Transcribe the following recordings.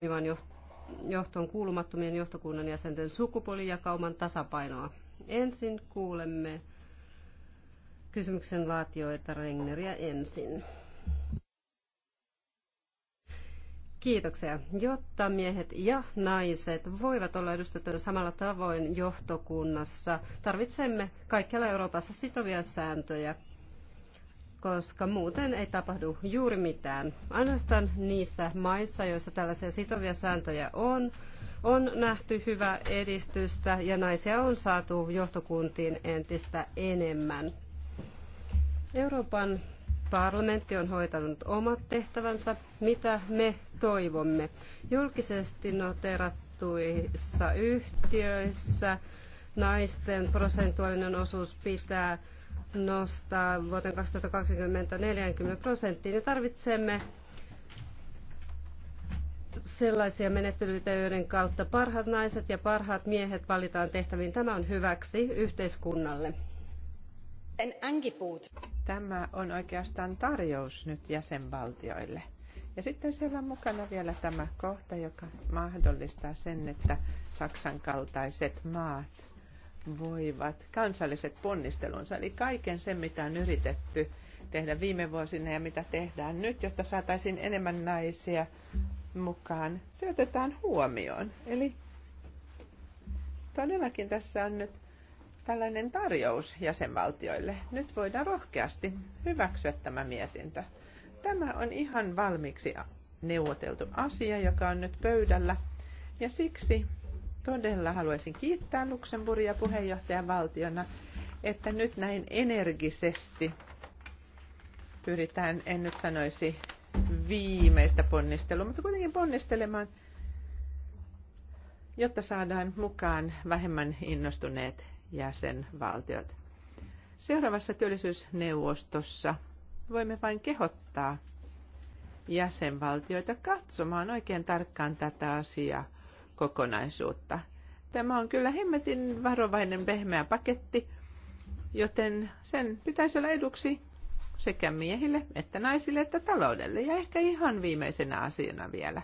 toimivan johton kuulumattomien johtokunnan jäsenten sukupuolijakauman tasapainoa. Ensin kuulemme kysymyksen laatioita Regneriä ensin. Kiitoksia. Jotta miehet ja naiset voivat olla edustettuja samalla tavoin johtokunnassa, tarvitsemme kaikkialla Euroopassa sitovia sääntöjä koska muuten ei tapahdu juuri mitään. Ainoastaan niissä maissa, joissa tällaisia sitovia sääntöjä on, on nähty hyvää edistystä ja naisia on saatu johtokuntiin entistä enemmän. Euroopan parlamentti on hoitanut omat tehtävänsä, mitä me toivomme. Julkisesti noterattuissa yhtiöissä naisten prosentuaalinen osuus pitää nostaa vuoteen 2020 40 prosenttiin. Ja tarvitsemme sellaisia menettelyitä, joiden kautta parhaat naiset ja parhaat miehet valitaan tehtäviin. Tämä on hyväksi yhteiskunnalle. Tämä on oikeastaan tarjous nyt jäsenvaltioille. Ja sitten siellä on mukana vielä tämä kohta, joka mahdollistaa sen, että Saksan kaltaiset maat voivat kansalliset ponnistelunsa, eli kaiken sen, mitä on yritetty tehdä viime vuosina ja mitä tehdään nyt, jotta saataisiin enemmän naisia mukaan, se otetaan huomioon. Eli todellakin tässä on nyt tällainen tarjous jäsenvaltioille. Nyt voidaan rohkeasti hyväksyä tämä mietintö. Tämä on ihan valmiiksi neuvoteltu asia, joka on nyt pöydällä, ja siksi todella haluaisin kiittää Luxemburgia puheenjohtajavaltiona, että nyt näin energisesti pyritään, en nyt sanoisi viimeistä ponnistelua, mutta kuitenkin ponnistelemaan, jotta saadaan mukaan vähemmän innostuneet jäsenvaltiot. Seuraavassa työllisyysneuvostossa voimme vain kehottaa jäsenvaltioita katsomaan oikein tarkkaan tätä asiaa – kokonaisuutta. Tämä on kyllä hemmetin varovainen pehmeä paketti, joten sen pitäisi olla eduksi sekä miehille että naisille että taloudelle. Ja ehkä ihan viimeisenä asiana vielä.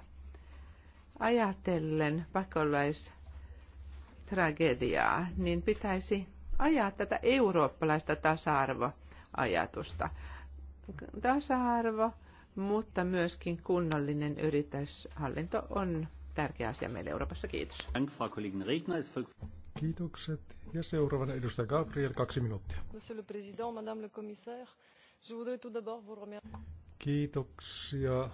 Ajatellen pakolaistragediaa, niin pitäisi ajaa tätä eurooppalaista tasa-arvoajatusta. Tasa-arvo, mutta myöskin kunnollinen yrityshallinto on tärkeä asia meille Euroopassa. Kiitos. Kiitokset. Ja seuraavana edustaja Gabriel, kaksi minuuttia. Monsieur le Président, Madame le Commissaire, je voudrais tout d'abord vous remercier. Kiitoksia,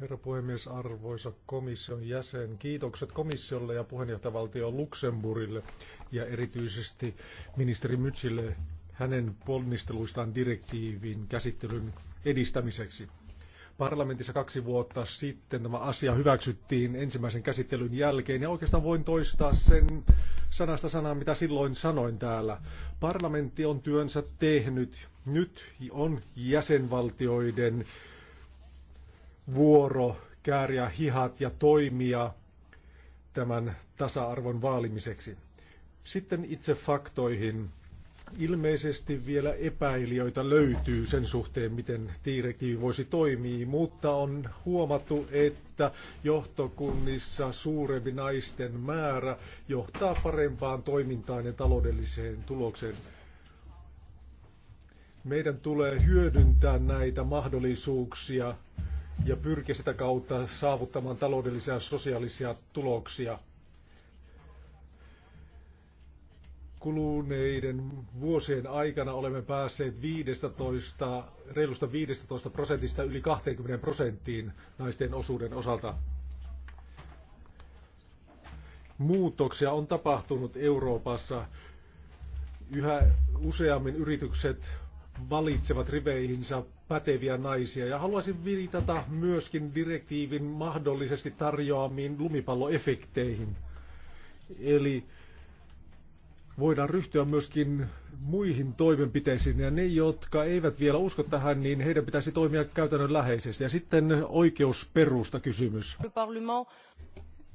herra puhemies, arvoisa komission jäsen. Kiitokset komissiolle ja puheenjohtajavaltio Luxemburille ja erityisesti ministeri Mytsille hänen ponnisteluistaan direktiivin käsittelyn edistämiseksi parlamentissa kaksi vuotta sitten tämä asia hyväksyttiin ensimmäisen käsittelyn jälkeen ja oikeastaan voin toistaa sen sanasta sanaan, mitä silloin sanoin täällä. Parlamentti on työnsä tehnyt. Nyt on jäsenvaltioiden vuoro kääriä hihat ja toimia tämän tasa-arvon vaalimiseksi. Sitten itse faktoihin. Ilmeisesti vielä epäilijöitä löytyy sen suhteen, miten direktiivi voisi toimia, mutta on huomattu, että johtokunnissa suurempi naisten määrä johtaa parempaan toimintaan ja taloudelliseen tulokseen. Meidän tulee hyödyntää näitä mahdollisuuksia ja pyrkiä sitä kautta saavuttamaan taloudellisia ja sosiaalisia tuloksia – kuluneiden vuosien aikana olemme päässeet 15, reilusta 15 prosentista yli 20 prosenttiin naisten osuuden osalta. Muutoksia on tapahtunut Euroopassa. Yhä useammin yritykset valitsevat riveihinsä päteviä naisia. Ja haluaisin viitata myöskin direktiivin mahdollisesti tarjoamiin lumipalloefekteihin. Eli voidaan ryhtyä myöskin muihin toimenpiteisiin, ja ne, jotka eivät vielä usko tähän, niin heidän pitäisi toimia käytännön läheisesti. Ja sitten oikeusperusta kysymys.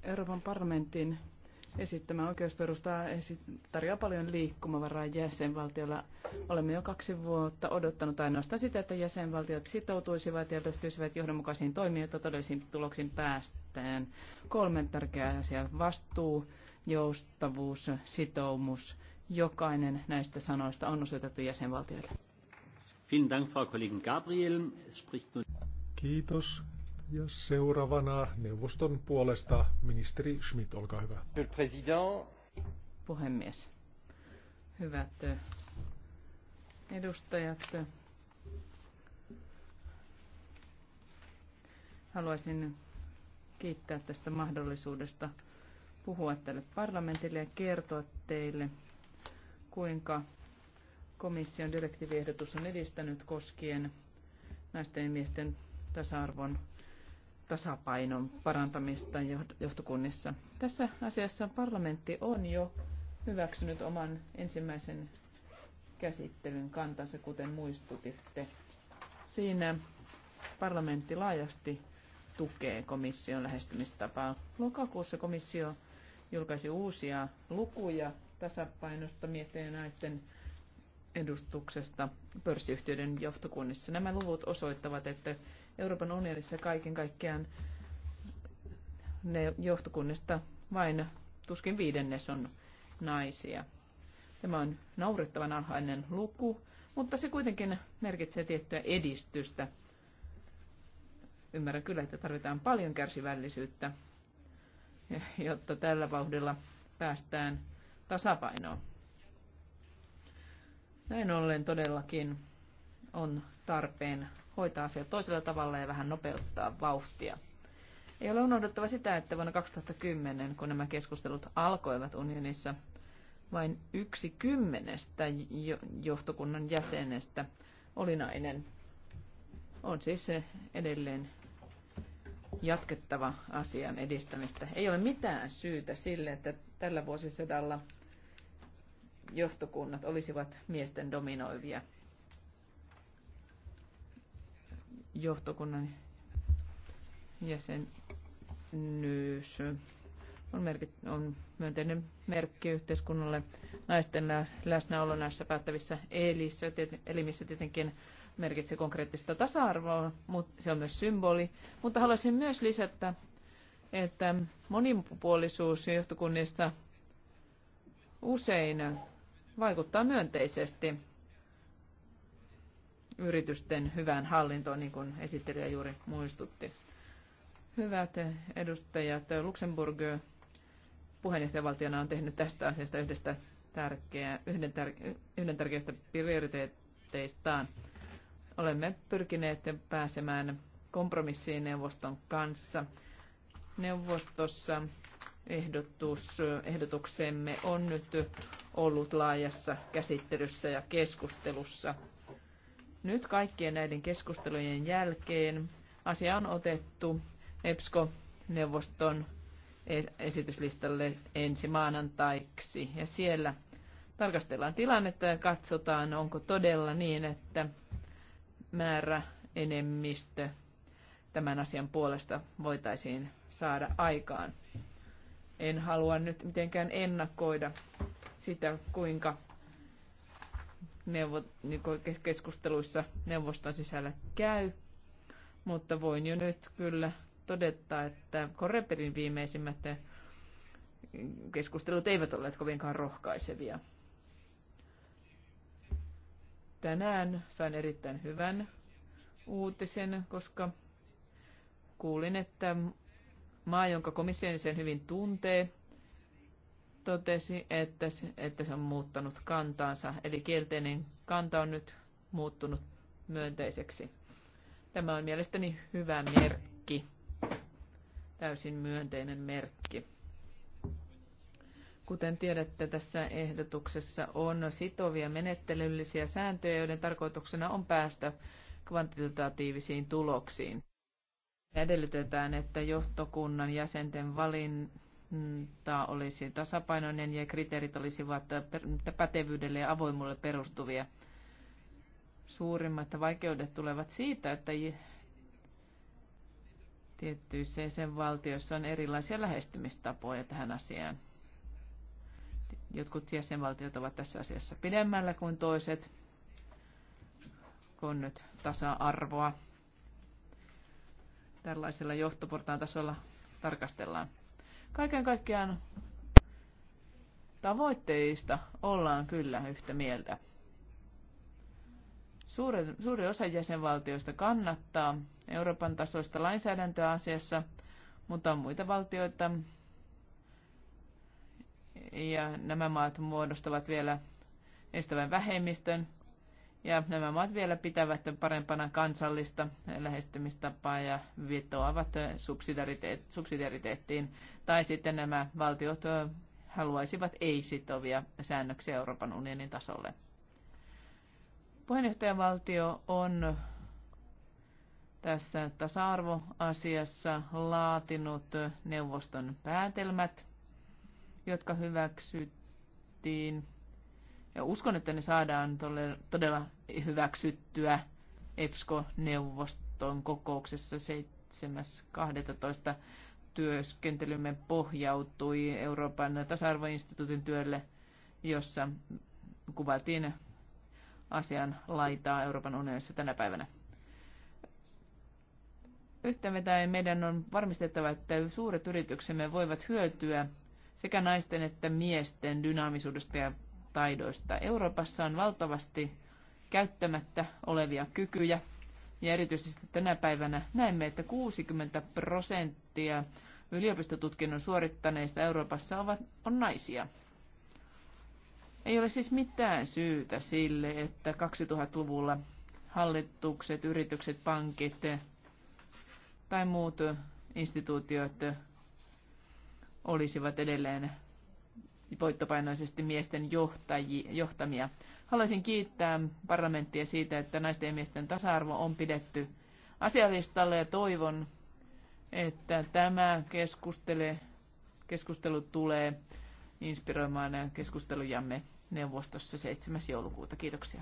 Euroopan parlamentin esittämä oikeusperusta tarjoaa paljon liikkumavaraa jäsenvaltiolla. Olemme jo kaksi vuotta odottanut ainoastaan sitä, että jäsenvaltiot sitoutuisivat ja ryhtyisivät johdonmukaisiin toimiin, jotta todellisiin tuloksiin päästään. Kolme tärkeää asiaa. Vastuu, joustavuus, sitoumus. Jokainen näistä sanoista on osoitettu jäsenvaltioille. Kiitos. Ja seuraavana neuvoston puolesta ministeri Schmidt, olkaa hyvä. Puhemies, hyvät edustajat, haluaisin kiittää tästä mahdollisuudesta puhua tälle parlamentille ja kertoa teille, kuinka komission direktiiviehdotus on edistänyt koskien naisten ja miesten tasa-arvon tasapainon parantamista johtokunnissa. Tässä asiassa parlamentti on jo hyväksynyt oman ensimmäisen käsittelyn kantansa, kuten muistutitte. Siinä parlamentti laajasti tukee komission lähestymistapaa. Lokakuussa komissio julkaisi uusia lukuja tasapainosta miesten ja naisten edustuksesta pörssiyhtiöiden johtokunnissa. Nämä luvut osoittavat, että Euroopan unionissa kaiken kaikkiaan ne johtokunnista vain tuskin viidennes on naisia. Tämä on naurettavan alhainen luku, mutta se kuitenkin merkitsee tiettyä edistystä. Ymmärrän kyllä, että tarvitaan paljon kärsivällisyyttä jotta tällä vauhdilla päästään tasapainoon. Näin ollen todellakin on tarpeen hoitaa asiat toisella tavalla ja vähän nopeuttaa vauhtia. Ei ole unohdettava sitä, että vuonna 2010, kun nämä keskustelut alkoivat unionissa, vain yksi kymmenestä johtokunnan jäsenestä oli nainen. On siis se edelleen jatkettava asian edistämistä. Ei ole mitään syytä sille, että tällä vuosisadalla johtokunnat olisivat miesten dominoivia. Johtokunnan jäsenyys on, merkit, on myönteinen merkki yhteiskunnalle. Naisten läsnäolo näissä päättävissä elimissä tietenkin merkitsee konkreettista tasa-arvoa, mutta se on myös symboli. Mutta haluaisin myös lisätä, että monipuolisuus johtokunnissa usein vaikuttaa myönteisesti yritysten hyvään hallintoon, niin kuin esittelijä juuri muistutti. Hyvät edustajat, Luxemburg puheenjohtajavaltiona on tehnyt tästä asiasta yhdestä tärkeä, yhden, tär, yhden tärkeästä prioriteetteistaan. Olemme pyrkineet pääsemään kompromissiin neuvoston kanssa. Neuvostossa ehdotus, ehdotuksemme on nyt ollut laajassa käsittelyssä ja keskustelussa. Nyt kaikkien näiden keskustelujen jälkeen asia on otettu EPSCO-neuvoston esityslistalle ensi maanantaiksi. Ja siellä tarkastellaan tilannetta ja katsotaan, onko todella niin, että määrä enemmistö tämän asian puolesta voitaisiin saada aikaan. En halua nyt mitenkään ennakoida sitä, kuinka neuvot, niin keskusteluissa neuvoston sisällä käy, mutta voin jo nyt kyllä todeta, että Koreperin viimeisimmät keskustelut eivät olleet kovinkaan rohkaisevia tänään sain erittäin hyvän uutisen, koska kuulin, että maa, jonka komissio sen hyvin tuntee, totesi, että se, että se on muuttanut kantaansa. Eli kielteinen kanta on nyt muuttunut myönteiseksi. Tämä on mielestäni hyvä merkki, täysin myönteinen merkki. Kuten tiedätte, tässä ehdotuksessa on sitovia menettelyllisiä sääntöjä, joiden tarkoituksena on päästä kvantitatiivisiin tuloksiin. Edellytetään, että johtokunnan jäsenten valinta olisi tasapainoinen ja kriteerit olisivat pätevyydelle ja avoimuudelle perustuvia. Suurimmat vaikeudet tulevat siitä, että tiettyissä jäsenvaltioissa on erilaisia lähestymistapoja tähän asiaan. Jotkut jäsenvaltiot ovat tässä asiassa pidemmällä kuin toiset, kun nyt tasa-arvoa tällaisella johtoportaan tasolla tarkastellaan. Kaiken kaikkiaan tavoitteista ollaan kyllä yhtä mieltä. Suurin, suuri osa jäsenvaltioista kannattaa Euroopan tasoista lainsäädäntöä asiassa, mutta on muita valtioita, ja nämä maat muodostavat vielä estävän vähemmistön ja nämä maat vielä pitävät parempana kansallista lähestymistapaa ja vetoavat subsidiariteettiin. Tai sitten nämä valtiot haluaisivat ei-sitovia säännöksiä Euroopan unionin tasolle. Puheenjohtajavaltio on tässä tasa-arvoasiassa laatinut neuvoston päätelmät – jotka hyväksyttiin. Ja uskon, että ne saadaan todella hyväksyttyä EPSCO-neuvoston kokouksessa 7.12. Työskentelymme pohjautui Euroopan tasa-arvoinstituutin työlle, jossa kuvattiin asian laitaa Euroopan unionissa tänä päivänä. Yhtä meidän on varmistettava, että suuret yrityksemme voivat hyötyä sekä naisten että miesten dynaamisuudesta ja taidoista. Euroopassa on valtavasti käyttämättä olevia kykyjä. Ja erityisesti tänä päivänä näemme, että 60 prosenttia yliopistotutkinnon suorittaneista Euroopassa ovat, on naisia. Ei ole siis mitään syytä sille, että 2000-luvulla hallitukset, yritykset, pankit tai muut instituutiot olisivat edelleen voittopainoisesti miesten johtaji, johtamia. Haluaisin kiittää parlamenttia siitä, että naisten ja miesten tasa-arvo on pidetty asialistalle ja toivon, että tämä keskustele, keskustelu tulee inspiroimaan keskustelujamme neuvostossa 7. joulukuuta. Kiitoksia.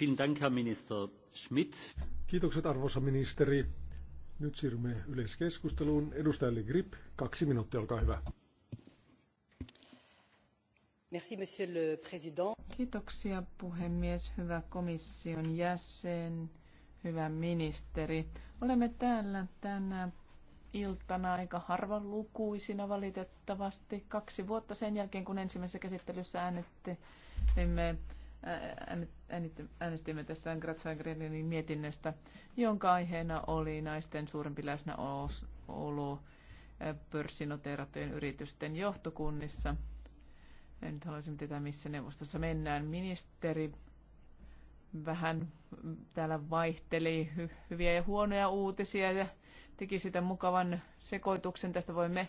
Vielen Dank, Herr Minister Schmidt. Kiitokset arvoisa ministeri. Nyt siirrymme yleiskeskusteluun. Edustaja Le Grip, kaksi minuuttia, olkaa hyvä. Merci, monsieur le président. Kiitoksia puhemies, hyvä komission jäsen, hyvä ministeri. Olemme täällä tänä iltana aika harvan lukuisina valitettavasti. Kaksi vuotta sen jälkeen, kun ensimmäisessä käsittelyssä äänettimme äänestimme tästä Gratzwegerinin mietinnöstä, jonka aiheena oli naisten suurempi läsnäolo pörssinoteerattujen yritysten johtokunnissa. En nyt haluaisin tietää, missä neuvostossa mennään. Ministeri vähän täällä vaihteli hyviä ja huonoja uutisia ja teki sitä mukavan sekoituksen. Tästä voimme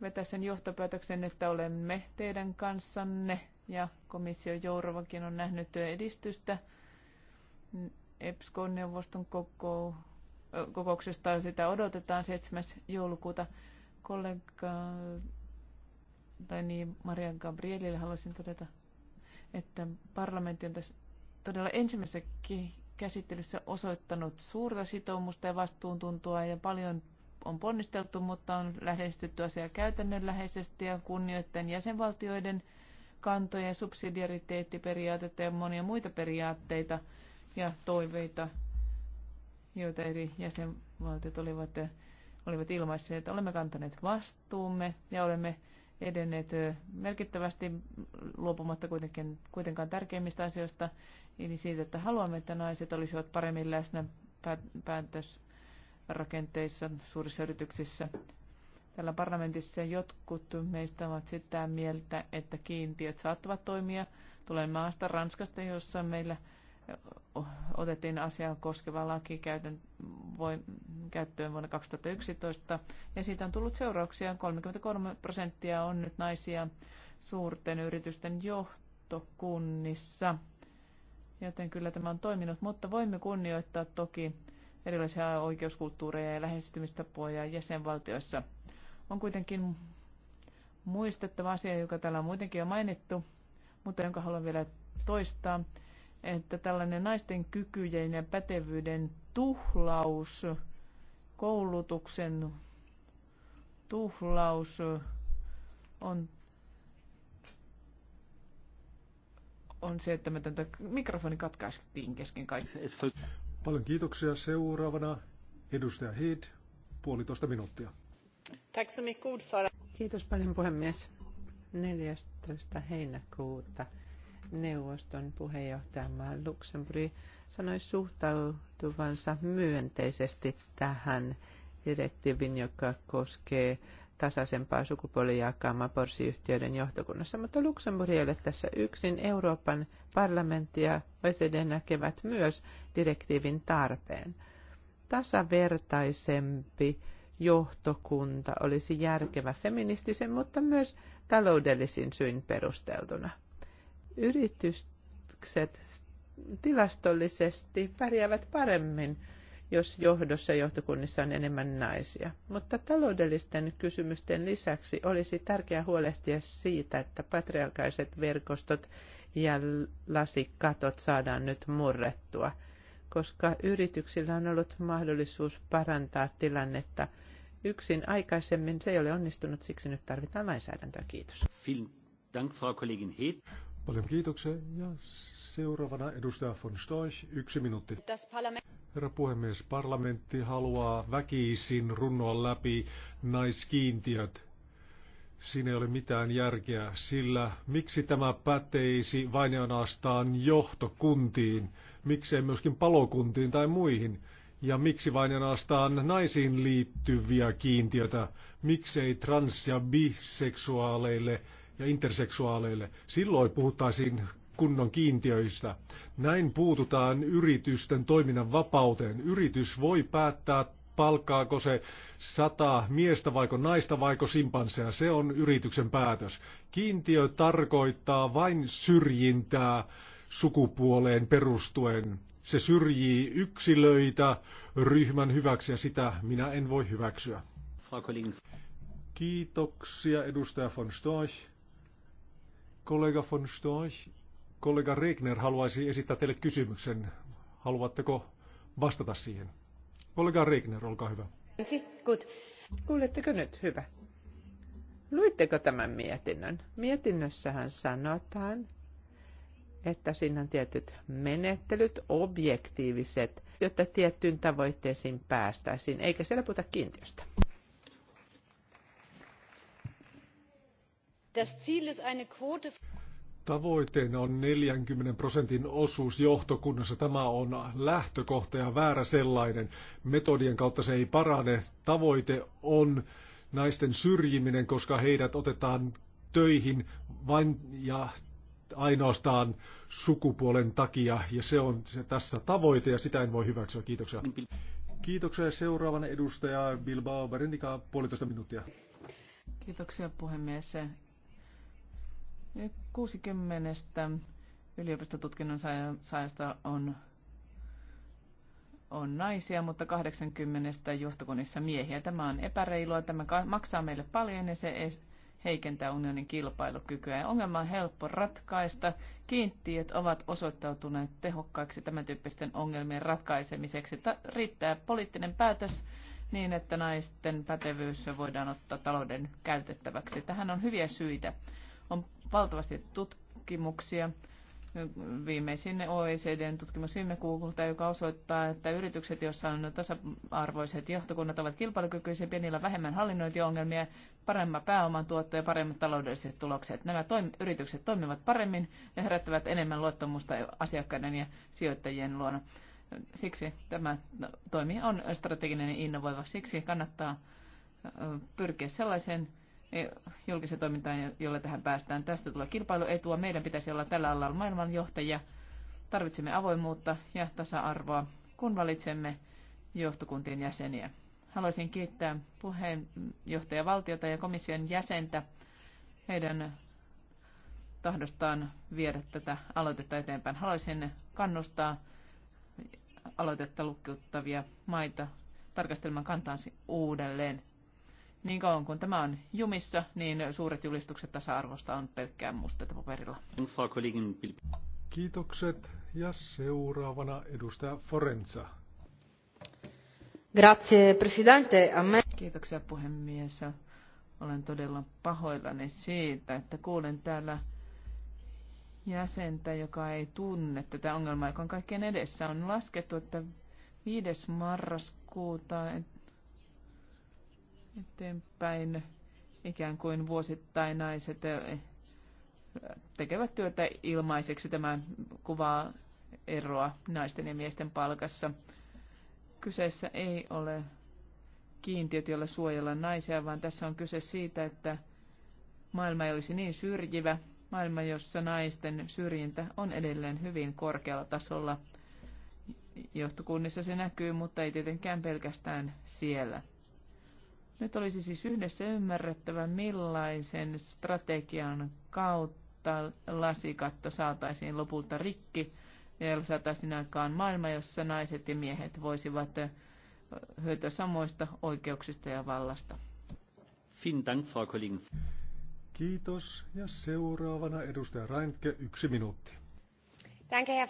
vetää sen johtopäätöksen, että olemme teidän kanssanne ja komissio Jourovakin on nähnyt edistystä EPSCO-neuvoston kokouksesta. Sitä odotetaan 7. joulukuuta. Kollega tai niin, Maria Gabrielille haluaisin todeta, että parlamentti on tässä todella ensimmäisessä käsittelyssä osoittanut suurta sitoumusta ja vastuuntuntoa ja paljon on ponnisteltu, mutta on lähestytty asiaa käytännönläheisesti ja kunnioittain jäsenvaltioiden – kantojen subsidiariteettiperiaatetta ja monia muita periaatteita ja toiveita, joita eri jäsenvaltiot olivat, olivat ilmaisseet. Olemme kantaneet vastuumme ja olemme edenneet merkittävästi luopumatta kuitenkin, kuitenkaan tärkeimmistä asioista, eli siitä, että haluamme, että naiset olisivat paremmin läsnä päätösrakenteissa suurissa yrityksissä Täällä parlamentissa jotkut meistä ovat sitä mieltä, että kiintiöt saattavat toimia. Tulen maasta Ranskasta, jossa meillä otettiin asiaa koskeva laki käyttöön vuonna 2011, ja siitä on tullut seurauksia. 33 prosenttia on nyt naisia suurten yritysten johtokunnissa, joten kyllä tämä on toiminut, mutta voimme kunnioittaa toki erilaisia oikeuskulttuureja ja lähestymistapoja jäsenvaltioissa – on kuitenkin muistettava asia, joka täällä on muutenkin jo mainittu, mutta jonka haluan vielä toistaa, että tällainen naisten kykyjen ja pätevyyden tuhlaus, koulutuksen tuhlaus on, on se, että me tätä mikrofoni katkaistiin kesken kaikkea. Paljon kiitoksia. Seuraavana edustaja Heid, puolitoista minuuttia. Kiitos paljon puhemies. neljätoista heinäkuuta neuvoston puheenjohtajamaa Luxemburg sanoi suhtautuvansa myönteisesti tähän direktiiviin, joka koskee tasaisempaa sukupuolijakaumaa pörssiyhtiöiden johtokunnassa, mutta Luxemburg ei ole tässä yksin. Euroopan parlamentti ja OECD näkevät myös direktiivin tarpeen. Tasavertaisempi johtokunta olisi järkevä feministisen, mutta myös taloudellisin syyn perusteltuna. Yritykset tilastollisesti pärjäävät paremmin, jos johdossa ja johtokunnissa on enemmän naisia. Mutta taloudellisten kysymysten lisäksi olisi tärkeää huolehtia siitä, että patriarkaiset verkostot ja lasikatot saadaan nyt murrettua, koska yrityksillä on ollut mahdollisuus parantaa tilannetta – yksin aikaisemmin. Se ei ole onnistunut, siksi nyt tarvitaan lainsäädäntöä. Kiitos. Dank, Frau Kollegin Heet. Paljon kiitoksia. Ja seuraavana edustaja von Storch, yksi minuutti. Herra puhemies, parlamentti haluaa väkisin runnoa läpi naiskiintiöt. Siinä ei ole mitään järkeä, sillä miksi tämä päteisi vain ja johtokuntiin, miksei myöskin palokuntiin tai muihin – ja miksi vain ainoastaan naisiin liittyviä kiintiötä? Miksei trans- ja biseksuaaleille ja interseksuaaleille? Silloin puhuttaisiin kunnon kiintiöistä. Näin puututaan yritysten toiminnan vapauteen. Yritys voi päättää, palkkaako se sata miestä vaiko naista vaiko simpansseja. Se on yrityksen päätös. Kiintiö tarkoittaa vain syrjintää sukupuoleen perustuen se syrjii yksilöitä ryhmän hyväksi ja sitä minä en voi hyväksyä. Kiitoksia edustaja von Storch. Kollega von Storch, kollega Regner haluaisi esittää teille kysymyksen. Haluatteko vastata siihen? Kollega Regner, olkaa hyvä. Good. Kuuletteko nyt? Hyvä. Luitteko tämän mietinnön? Mietinnössähän sanotaan, että siinä on tietyt menettelyt, objektiiviset, jotta tiettyyn tavoitteisiin päästäisiin, eikä siellä puhuta kiintiöstä. Tavoitteena on 40 prosentin osuus johtokunnassa. Tämä on lähtökohta ja väärä sellainen. Metodien kautta se ei parane. Tavoite on naisten syrjiminen, koska heidät otetaan töihin vain ja ainoastaan sukupuolen takia, ja se on se tässä tavoite, ja sitä en voi hyväksyä. Kiitoksia. Kiitoksia. seuraavan edustaja Bilbao Berendika, puolitoista minuuttia. Kiitoksia puhemies. 60 yliopistotutkinnon saajasta on, on naisia, mutta 80 johtokunnissa miehiä. Tämä on epäreilua, tämä maksaa meille paljon ja se heikentää unionin kilpailukykyä. Ja ongelma on helppo ratkaista. Kiintiöt ovat osoittautuneet tehokkaiksi tämän tyyppisten ongelmien ratkaisemiseksi. Ta- riittää poliittinen päätös niin, että naisten pätevyys voidaan ottaa talouden käytettäväksi. Tähän on hyviä syitä. On valtavasti tutkimuksia viimeisin OECDn tutkimus viime kuukautta, joka osoittaa, että yritykset, joissa on tasa-arvoiset johtokunnat, ovat kilpailukykyisiä, pienillä vähemmän hallinnointiongelmia, paremmat pääoman tuotto ja paremmat taloudelliset tulokset. Nämä toim- yritykset toimivat paremmin ja herättävät enemmän luottamusta asiakkaiden ja sijoittajien luona. Siksi tämä toimi on strateginen ja innovoiva. Siksi kannattaa pyrkiä sellaiseen E, julkisen toimintaan, jolla tähän päästään. Tästä tulee kilpailuetua. Meidän pitäisi olla tällä alalla maailmanjohtajia. Tarvitsemme avoimuutta ja tasa-arvoa, kun valitsemme johtokuntien jäseniä. Haluaisin kiittää puheenjohtajavaltiota ja komission jäsentä heidän tahdostaan viedä tätä aloitetta eteenpäin. Haluaisin kannustaa aloitetta lukkiuttavia maita tarkastelemaan kantaansa uudelleen niin kauan kun tämä on jumissa, niin suuret julistukset tasa-arvosta on pelkkää mustetta paperilla. Kiitokset ja seuraavana edustaja Forenza. Grazie, presidente. Amen. Kiitoksia puhemies. Olen todella pahoillani siitä, että kuulen täällä jäsentä, joka ei tunne tätä ongelmaa, joka on kaikkien edessä. On laskettu, että 5. marraskuuta, että eteenpäin. Ikään kuin vuosittain naiset eh, tekevät työtä ilmaiseksi. Tämä kuvaa eroa naisten ja miesten palkassa. Kyseessä ei ole kiintiöt, joilla suojella naisia, vaan tässä on kyse siitä, että maailma ei olisi niin syrjivä, maailma, jossa naisten syrjintä on edelleen hyvin korkealla tasolla. Johtokunnissa se näkyy, mutta ei tietenkään pelkästään siellä. Nyt olisi siis yhdessä ymmärrettävä, millaisen strategian kautta lasikatto saataisiin lopulta rikki ja saataisiin aikaan maailma, jossa naiset ja miehet voisivat hyötyä samoista oikeuksista ja vallasta. Kiitos. Ja seuraavana edustaja Reintke, yksi minuutti. Danke Herr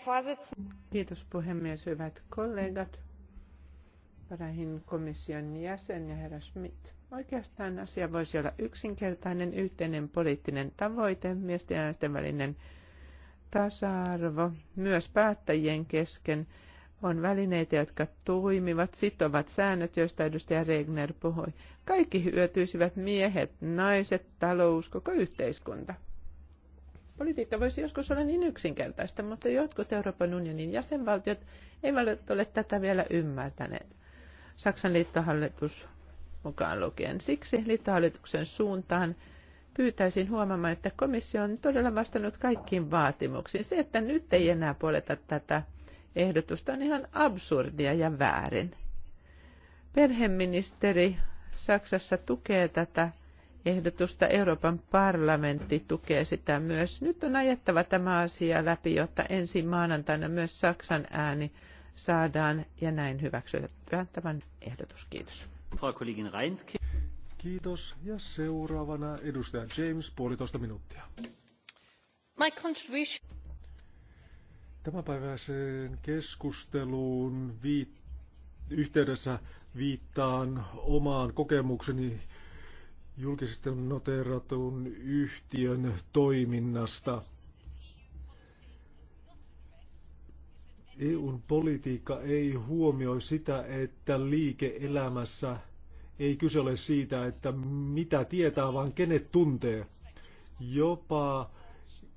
Kiitos puhemies, hyvät kollegat. Varahin komission jäsen ja herra Schmidt. Oikeastaan asia voisi olla yksinkertainen yhteinen poliittinen tavoite, miesten ja naisten välinen tasa-arvo, myös päättäjien kesken on välineitä, jotka toimivat, sitovat säännöt, joista edustaja Regner puhui. Kaikki hyötyisivät miehet, naiset, talous, koko yhteiskunta. Politiikka voisi joskus olla niin yksinkertaista, mutta jotkut Euroopan unionin jäsenvaltiot eivät ole tätä vielä ymmärtäneet. Saksan liittohallitus mukaan lukien. Siksi liittohallituksen suuntaan pyytäisin huomaamaan, että komissio on todella vastannut kaikkiin vaatimuksiin. Se, että nyt ei enää puoleta tätä ehdotusta, on ihan absurdia ja väärin. Perheministeri Saksassa tukee tätä ehdotusta, Euroopan parlamentti tukee sitä myös. Nyt on ajettava tämä asia läpi, jotta ensi maanantaina myös Saksan ääni saadaan ja näin hyväksytään tämän ehdotus. Kiitos. Kiitos. Ja seuraavana edustaja James, puolitoista minuuttia. My contribution... Tämänpäiväiseen keskusteluun viit- yhteydessä viittaan omaan kokemukseni julkisesti noteeratun yhtiön toiminnasta. EUn politiikka ei huomioi sitä, että liike-elämässä ei kyse ole siitä, että mitä tietää, vaan kenet tuntee. Jopa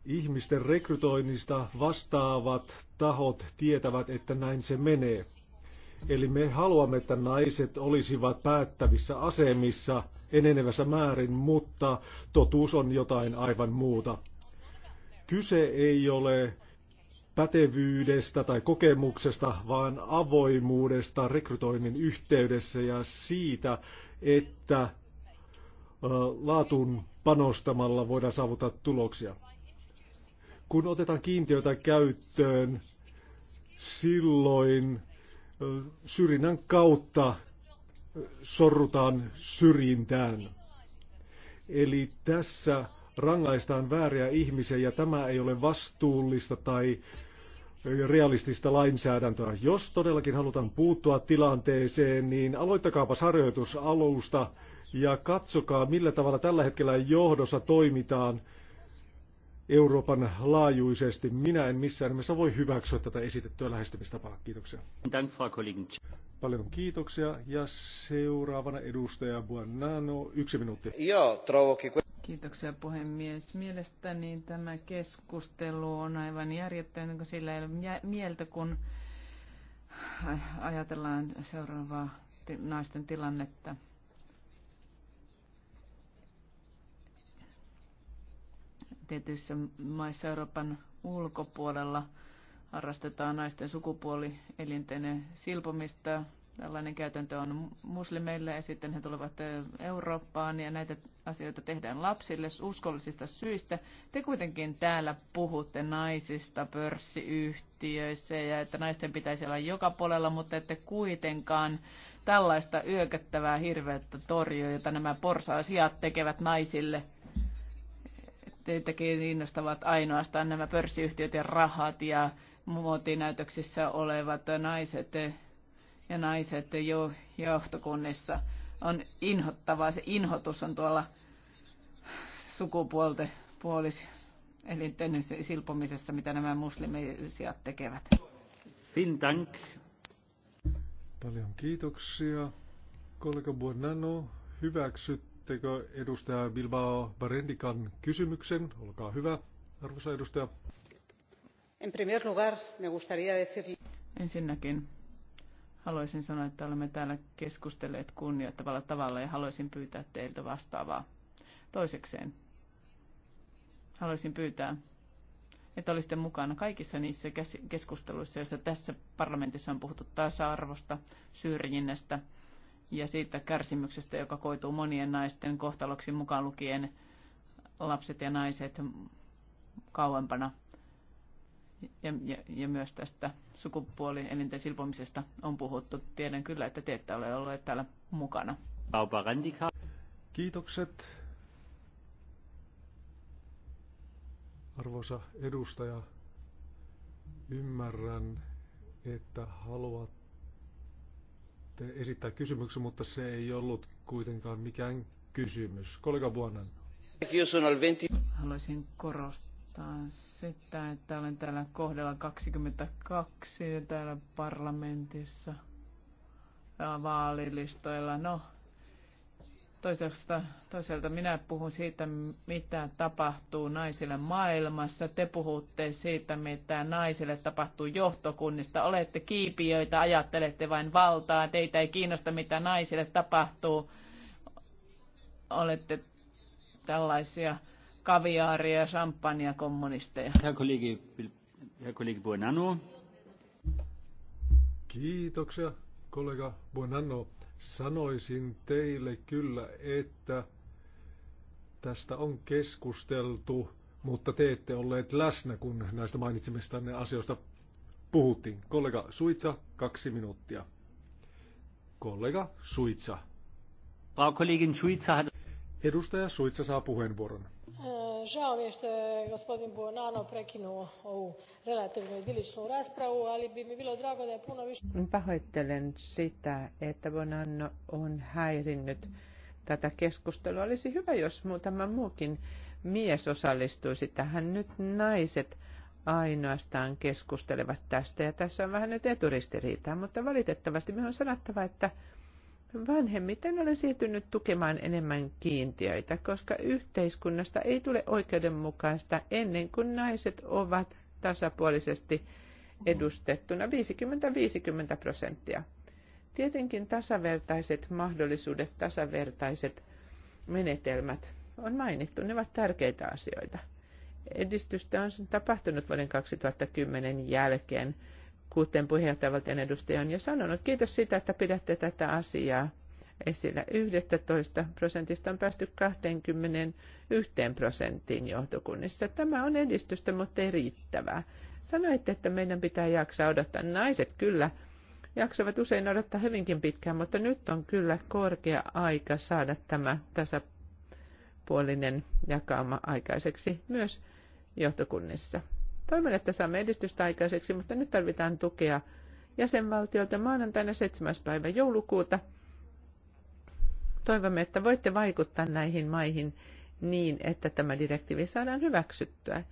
ihmisten rekrytoinnista vastaavat tahot tietävät, että näin se menee. Eli me haluamme, että naiset olisivat päättävissä asemissa enenevässä määrin, mutta totuus on jotain aivan muuta. Kyse ei ole pätevyydestä tai kokemuksesta, vaan avoimuudesta rekrytoinnin yhteydessä ja siitä, että laatuun panostamalla voidaan saavuttaa tuloksia. Kun otetaan kiintiöitä käyttöön, silloin syrjinnän kautta sorrutaan syrjintään. Eli tässä rangaistaan vääriä ihmisiä ja tämä ei ole vastuullista tai realistista lainsäädäntöä. Jos todellakin halutaan puuttua tilanteeseen, niin aloittakaapa harjoitus alusta ja katsokaa, millä tavalla tällä hetkellä johdossa toimitaan Euroopan laajuisesti. Minä en missään nimessä voi hyväksyä tätä esitettyä lähestymistapaa. Kiitoksia. Paljon kiitoksia. Ja seuraavana edustaja Buonanno, yksi minuutti. Joo, trovokin. Kiitoksia puhemies. Mielestäni tämä keskustelu on aivan järjettöinen, kun sillä ei ole mieltä, kun ajatellaan seuraavaa naisten tilannetta. Tietyissä maissa Euroopan ulkopuolella harrastetaan naisten sukupuolielinten silpomista, tällainen käytäntö on muslimeille ja sitten he tulevat Eurooppaan ja näitä asioita tehdään lapsille uskollisista syistä. Te kuitenkin täällä puhutte naisista pörssiyhtiöissä ja että naisten pitäisi olla joka puolella, mutta ette kuitenkaan tällaista yökättävää hirveyttä torju, jota nämä porsaasiat tekevät naisille. Teitäkin innostavat ainoastaan nämä pörssiyhtiöt ja rahat ja muotinäytöksissä olevat naiset ja naiset jo johtokunnissa. On inhottavaa, se inhotus on tuolla sukupuolten puolis eli silpomisessa, mitä nämä muslimisiat tekevät. Fintank. Paljon kiitoksia. Kollega Buonanno, hyväksyttekö edustaja Bilbao Barendikan kysymyksen? Olkaa hyvä, arvoisa edustaja. En primer lugar, me gustaría decir... Ensinnäkin Haluaisin sanoa, että olemme täällä keskustelleet kunnioittavalla tavalla ja haluaisin pyytää teiltä vastaavaa. Toisekseen haluaisin pyytää, että olisitte mukana kaikissa niissä keskusteluissa, joissa tässä parlamentissa on puhuttu tasa-arvosta, syrjinnästä ja siitä kärsimyksestä, joka koituu monien naisten kohtaloksi mukaan lukien lapset ja naiset kauempana ja, ja, ja myös tästä sukupuolielinten silpomisesta on puhuttu. Tiedän kyllä, että te ette ole olleet täällä mukana. Kiitokset. Arvoisa edustaja, ymmärrän, että haluatte esittää kysymyksen, mutta se ei ollut kuitenkaan mikään kysymys. Kollega Buonan. Haluaisin korostaa tarkoittaa sitä, että olen täällä kohdalla 22 täällä parlamentissa vaalilistoilla. No, toiselta minä puhun siitä, mitä tapahtuu naisille maailmassa. Te puhutte siitä, mitä naisille tapahtuu johtokunnista. Olette kiipijöitä, ajattelette vain valtaa. Teitä ei kiinnosta, mitä naisille tapahtuu. Olette tällaisia kaviaaria, champagnea, kommunisteja. Herr kollegi, herr kollegi Buonanno. Kiitoksia, kollega Buonanno. Sanoisin teille kyllä, että tästä on keskusteltu, mutta te ette olleet läsnä, kun näistä mainitsemistanne asioista puhuttiin. Kollega Suitsa, kaksi minuuttia. Kollega Suitsa. Frau Kollegin Suitsa hat... Edustaja Suitsa saa puheenvuoron. E, žao mi je što je gospodin buonanno prekinuo ovu relativno idiličnu raspravu ali bi mi bilo drago da je puno više. pahoittelen sitä että buonanno on häirinnyt tätä keskustelua. Olisi hyvä, jos muutama muukin mies osallistuisi tähän. Nyt naiset ainoastaan keskustelevat tästä ja tässä on vähän nyt eturistiriitaa, mutta valitettavasti minun on sanottava, että vanhemmiten olen siirtynyt tukemaan enemmän kiintiöitä, koska yhteiskunnasta ei tule oikeudenmukaista ennen kuin naiset ovat tasapuolisesti edustettuna 50-50 prosenttia. Tietenkin tasavertaiset mahdollisuudet, tasavertaiset menetelmät on mainittu, ne ovat tärkeitä asioita. Edistystä on tapahtunut vuoden 2010 jälkeen kuuteen puheenjohtajavaltion edustajan on jo sanonut. Kiitos siitä, että pidätte tätä asiaa esillä. 11 prosentista on päästy 21 prosenttiin johtokunnissa. Tämä on edistystä, mutta ei riittävää. Sanoitte, että meidän pitää jaksaa odottaa. Naiset kyllä jaksavat usein odottaa hyvinkin pitkään, mutta nyt on kyllä korkea aika saada tämä tasapuolinen jakauma aikaiseksi myös johtokunnissa. Toivon, että saamme edistystä aikaiseksi, mutta nyt tarvitaan tukea jäsenvaltiolta maanantaina 7. päivä joulukuuta. Toivomme, että voitte vaikuttaa näihin maihin niin, että tämä direktiivi saadaan hyväksyttyä,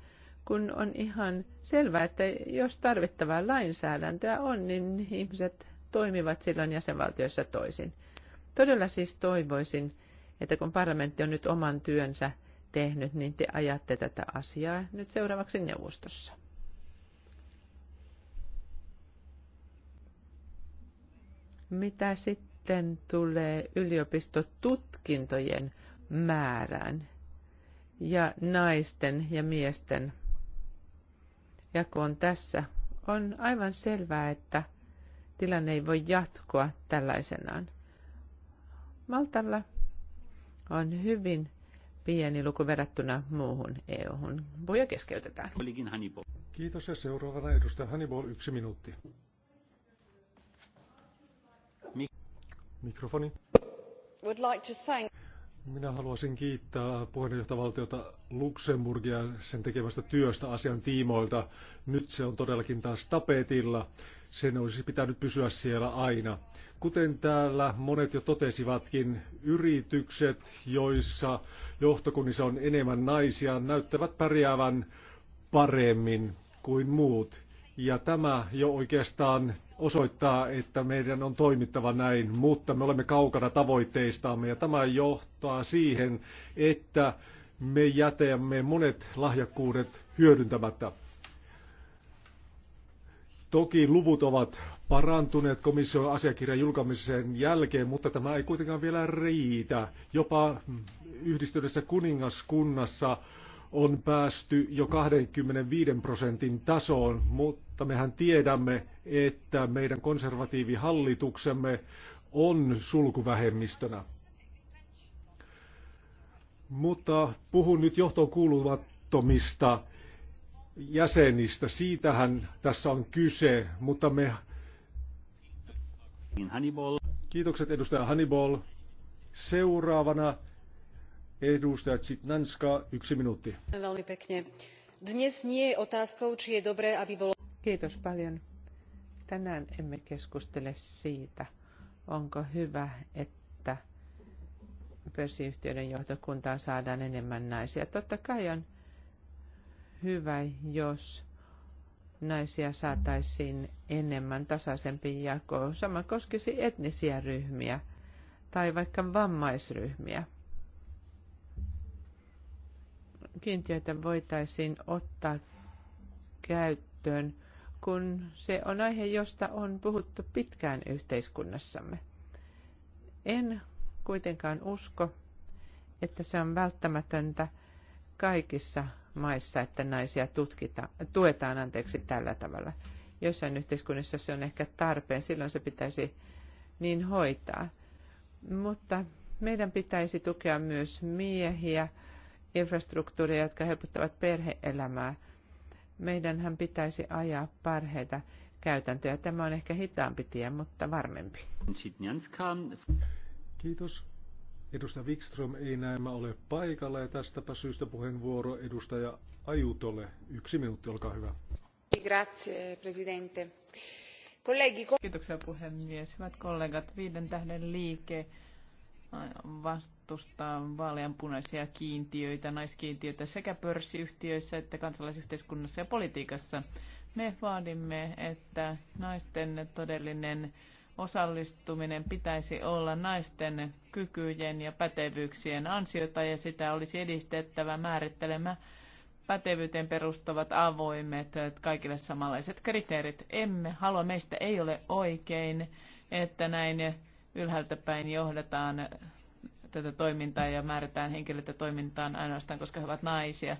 kun on ihan selvää, että jos tarvittavaa lainsäädäntöä on, niin ihmiset toimivat silloin jäsenvaltioissa toisin. Todella siis toivoisin, että kun parlamentti on nyt oman työnsä tehnyt, niin te ajatte tätä asiaa nyt seuraavaksi neuvostossa. Mitä sitten tulee yliopistotutkintojen määrään ja naisten ja miesten jakoon tässä, on aivan selvää, että tilanne ei voi jatkua tällaisenaan. Maltalla on hyvin pieni luku verrattuna muuhun EU-hun. Puhuja keskeytetään. Kiitos ja seuraavana edustaja Hannibal, yksi minuutti. Mikrofoni. Would like to thank... Minä haluaisin kiittää puheenjohtavaltiota Luxemburgia sen tekemästä työstä asian tiimoilta. Nyt se on todellakin taas tapetilla. Sen olisi pitänyt pysyä siellä aina. Kuten täällä monet jo totesivatkin, yritykset, joissa johtokunnissa on enemmän naisia, näyttävät pärjäävän paremmin kuin muut. Ja tämä jo oikeastaan osoittaa, että meidän on toimittava näin, mutta me olemme kaukana tavoitteistamme ja tämä johtaa siihen, että me jätämme monet lahjakkuudet hyödyntämättä. Toki luvut ovat parantuneet komission asiakirjan julkamisen jälkeen, mutta tämä ei kuitenkaan vielä riitä. Jopa yhdistyneessä kuningaskunnassa on päästy jo 25 prosentin tasoon, mutta mutta mehän tiedämme, että meidän konservatiivihallituksemme on sulkuvähemmistönä. Mutta puhun nyt johtoon kuuluvattomista jäsenistä. Siitähän tässä on kyse, mutta me... Kiitokset edustaja Hannibal. Seuraavana edustaja Tsitnanska, yksi minuutti. Dnes nie je otázkou, či je dobré, aby bolo... Kiitos paljon. Tänään emme keskustele siitä, onko hyvä, että pörssiyhtiöiden johtokuntaan saadaan enemmän naisia. Totta kai on hyvä, jos naisia saataisiin enemmän tasaisempi jako. Sama koskisi etnisiä ryhmiä tai vaikka vammaisryhmiä. Kiintiöitä voitaisiin ottaa käyttöön kun se on aihe, josta on puhuttu pitkään yhteiskunnassamme. En kuitenkaan usko, että se on välttämätöntä kaikissa maissa, että naisia tutkita, tuetaan anteeksi tällä tavalla. Joissain yhteiskunnissa se on ehkä tarpeen, silloin se pitäisi niin hoitaa. Mutta meidän pitäisi tukea myös miehiä, infrastruktuuria, jotka helpottavat perheelämää – meidänhän pitäisi ajaa parheita käytäntöjä. Tämä on ehkä hitaampi tie, mutta varmempi. Kiitos. Edustaja Wikström ei näemä ole paikalla ja tästäpä syystä puheenvuoro edustaja Ajutolle. Yksi minuutti, olkaa hyvä. Grazie, presidente. Kiitoksia puhemies. Hyvät kollegat, viiden tähden liike vastustaa vaaleanpunaisia kiintiöitä, naiskiintiöitä sekä pörssiyhtiöissä että kansalaisyhteiskunnassa ja politiikassa. Me vaadimme, että naisten todellinen osallistuminen pitäisi olla naisten kykyjen ja pätevyyksien ansiota ja sitä olisi edistettävä määrittelemä pätevyyteen perustuvat avoimet, kaikille samanlaiset kriteerit. Emme halua, meistä ei ole oikein, että näin ylhäältä päin johdetaan tätä toimintaa ja määrätään henkilöitä toimintaan ainoastaan, koska he ovat naisia.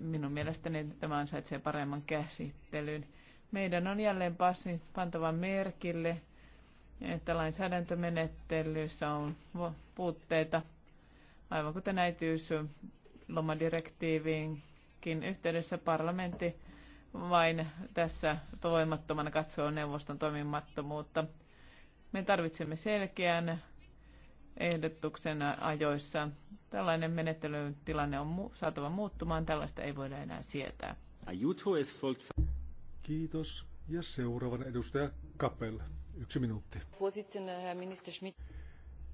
Minun mielestäni tämä ansaitsee paremman käsittelyn. Meidän on jälleen passi pantava merkille, että lainsäädäntömenettelyssä on puutteita, aivan kuten äitiys lomadirektiiviinkin yhteydessä parlamentti vain tässä toimattomana katsoo neuvoston toimimattomuutta. Me tarvitsemme selkeän ehdotuksen ajoissa. Tällainen menettelytilanne on saatava muuttumaan. Tällaista ei voida enää sietää. Kiitos. Ja seuraavan edustaja Kapel. Yksi minuutti. Eh,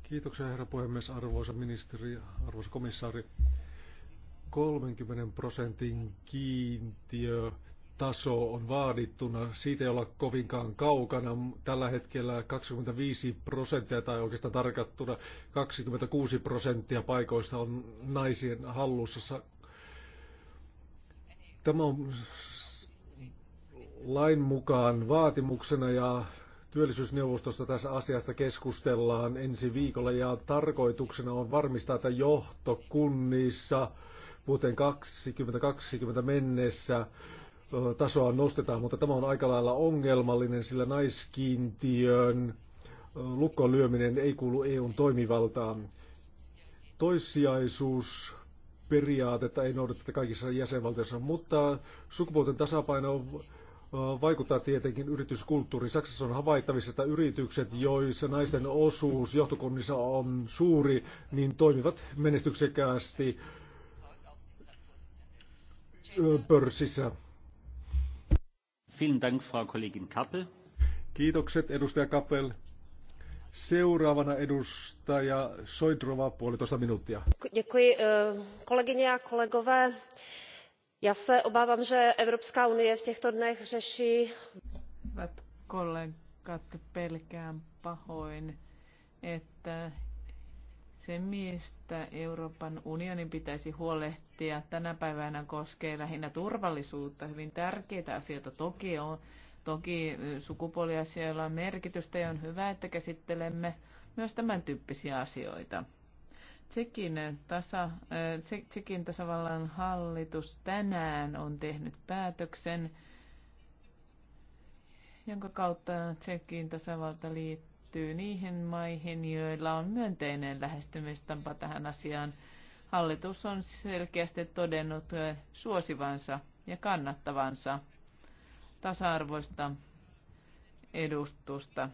Kiitoksia herra puhemies, arvoisa ministeri, arvoisa komissaari. 30 prosentin kiintiö taso on vaadittuna. Siitä ei olla kovinkaan kaukana. Tällä hetkellä 25 prosenttia tai oikeastaan tarkattuna 26 prosenttia paikoista on naisien hallussa. Tämä on lain mukaan vaatimuksena ja työllisyysneuvostosta tässä asiasta keskustellaan ensi viikolla ja tarkoituksena on varmistaa, että johtokunnissa vuoteen 2020 mennessä tasoa nostetaan, mutta tämä on aika lailla ongelmallinen, sillä naiskiintiön lukkoon lyöminen ei kuulu EUn toimivaltaan. Toissijaisuus periaatetta ei noudateta kaikissa jäsenvaltioissa, mutta sukupuolten tasapaino vaikuttaa tietenkin yrityskulttuuriin. Saksassa on havaittavissa, että yritykset, joissa naisten osuus johtokunnissa on suuri, niin toimivat menestyksekkäästi pörssissä. Vielen Dank, Frau Kollegin Kappel. Kiitokset, edustaja Kappel. Seuraavana edustaja Soidrova, puolitoista minuuttia. Děkuji, eh, kolegyně a kolegové. Já se obávám, že Evropská unie v těchto dnech řeší... Hyvät kollegat, pelkään pahoin, että se, mistä Euroopan unionin pitäisi huolehtia tänä päivänä, koskee lähinnä turvallisuutta. Hyvin tärkeitä asioita toki on. Toki sukupuoliasioilla on merkitystä ja on hyvä, että käsittelemme myös tämän tyyppisiä asioita. Tsekin, tasa, Tsekin tasavallan hallitus tänään on tehnyt päätöksen, jonka kautta Tsekin tasavalta liittyy liittyy niihin maihin, joilla on myönteinen lähestymistapa tähän asiaan. Hallitus on selkeästi todennut suosivansa ja kannattavansa tasa-arvoista edustusta.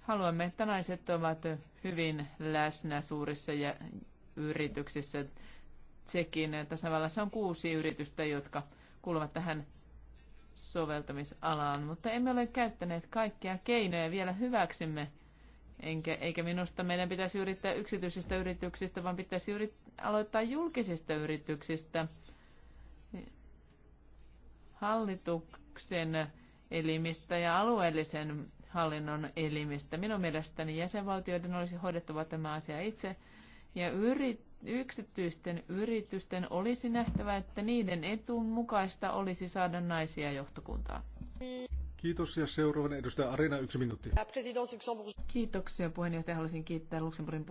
Haluamme, että naiset ovat hyvin läsnä suurissa ja yrityksissä. Tsekin tasavallassa on kuusi yritystä, jotka kuuluvat tähän soveltamisalaan, mutta emme ole käyttäneet kaikkia keinoja vielä hyväksimme. Enkä, eikä minusta meidän pitäisi yrittää yksityisistä yrityksistä, vaan pitäisi yrit, aloittaa julkisista yrityksistä. Hallituksen elimistä ja alueellisen hallinnon elimistä. Minun mielestäni jäsenvaltioiden olisi hoidettava tämä asia itse ja yrit, Yksityisten yritysten olisi nähtävä, että niiden etun mukaista olisi saada naisia johtokuntaan. Kiitos ja seuraavan edustaja Arena yksi minuutti. Kiitoksia puheenjohtaja. Haluaisin kiittää Luxemburgin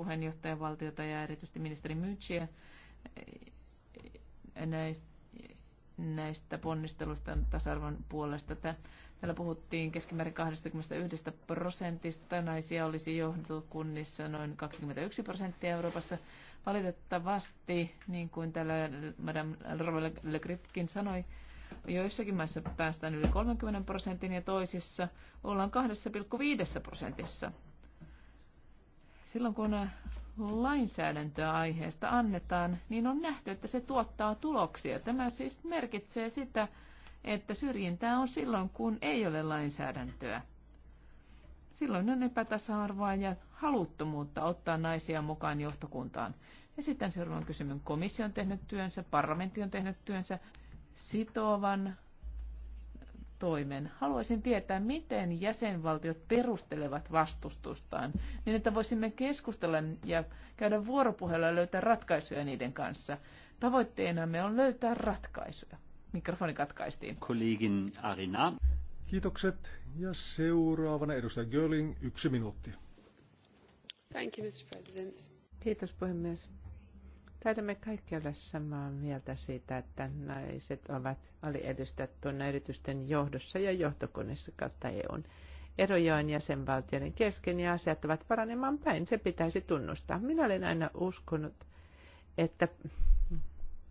valtiota ja erityisesti ministeri Münchiä näistä, näistä ponnisteluista tasa-arvon puolesta. Täällä puhuttiin keskimäärin 21 prosentista. Naisia olisi johtokunnissa noin 21 prosenttia Euroopassa. Valitettavasti, niin kuin täällä Madame Le Gripkin sanoi, joissakin maissa päästään yli 30 prosentin ja toisissa ollaan 2,5 prosentissa. Silloin kun lainsäädäntöä aiheesta annetaan, niin on nähty, että se tuottaa tuloksia. Tämä siis merkitsee sitä, että syrjintää on silloin, kun ei ole lainsäädäntöä. Silloin on epätasa-arvoa ja haluttomuutta ottaa naisia mukaan johtokuntaan. Ja sitten seuraavan kysymyksen. Komissio on tehnyt työnsä, parlamentti on tehnyt työnsä sitovan toimen. Haluaisin tietää, miten jäsenvaltiot perustelevat vastustustaan, niin että voisimme keskustella ja käydä vuoropuhelua ja löytää ratkaisuja niiden kanssa. Tavoitteenamme on löytää ratkaisuja. Mikrofoni katkaistiin. Kollegin Arina. Kiitokset. Ja seuraavana edustaja Görling, yksi minuutti. Kiitos puhemies. Taidamme kaikki olla samaa mieltä siitä, että naiset ovat aliedustettuina yritysten johdossa ja johtokunnissa kautta EUn. erojoen jäsenvaltioiden kesken ja asiat ovat paranemaan päin. Se pitäisi tunnustaa. Minä olen aina uskonut, että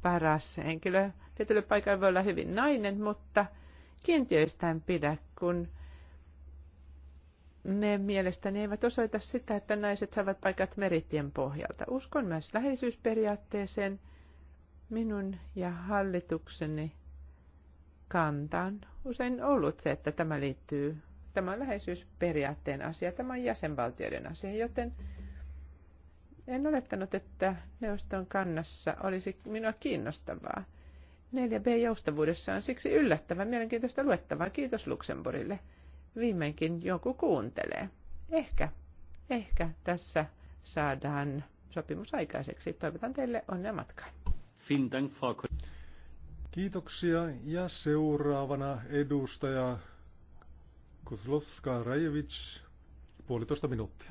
paras henkilö tietyllä paikalla voi olla hyvin nainen, mutta kiintiöistä en pidä, kun ne mielestäni eivät osoita sitä, että naiset saavat paikat meritien pohjalta. Uskon myös läheisyysperiaatteeseen. Minun ja hallitukseni kantaan. usein ollut se, että tämä liittyy, tämä on läheisyysperiaatteen asia, tämä on jäsenvaltioiden asia, joten en olettanut, että neuvoston kannassa olisi minua kiinnostavaa. 4B-joustavuudessa on siksi yllättävän mielenkiintoista luettavaa. Kiitos Luxemburille viimeinkin joku kuuntelee. Ehkä, ehkä tässä saadaan sopimus aikaiseksi. Toivotan teille onnea matkaan. Kiitoksia ja seuraavana edustaja Kozlowska Rajevic, puolitoista minuuttia.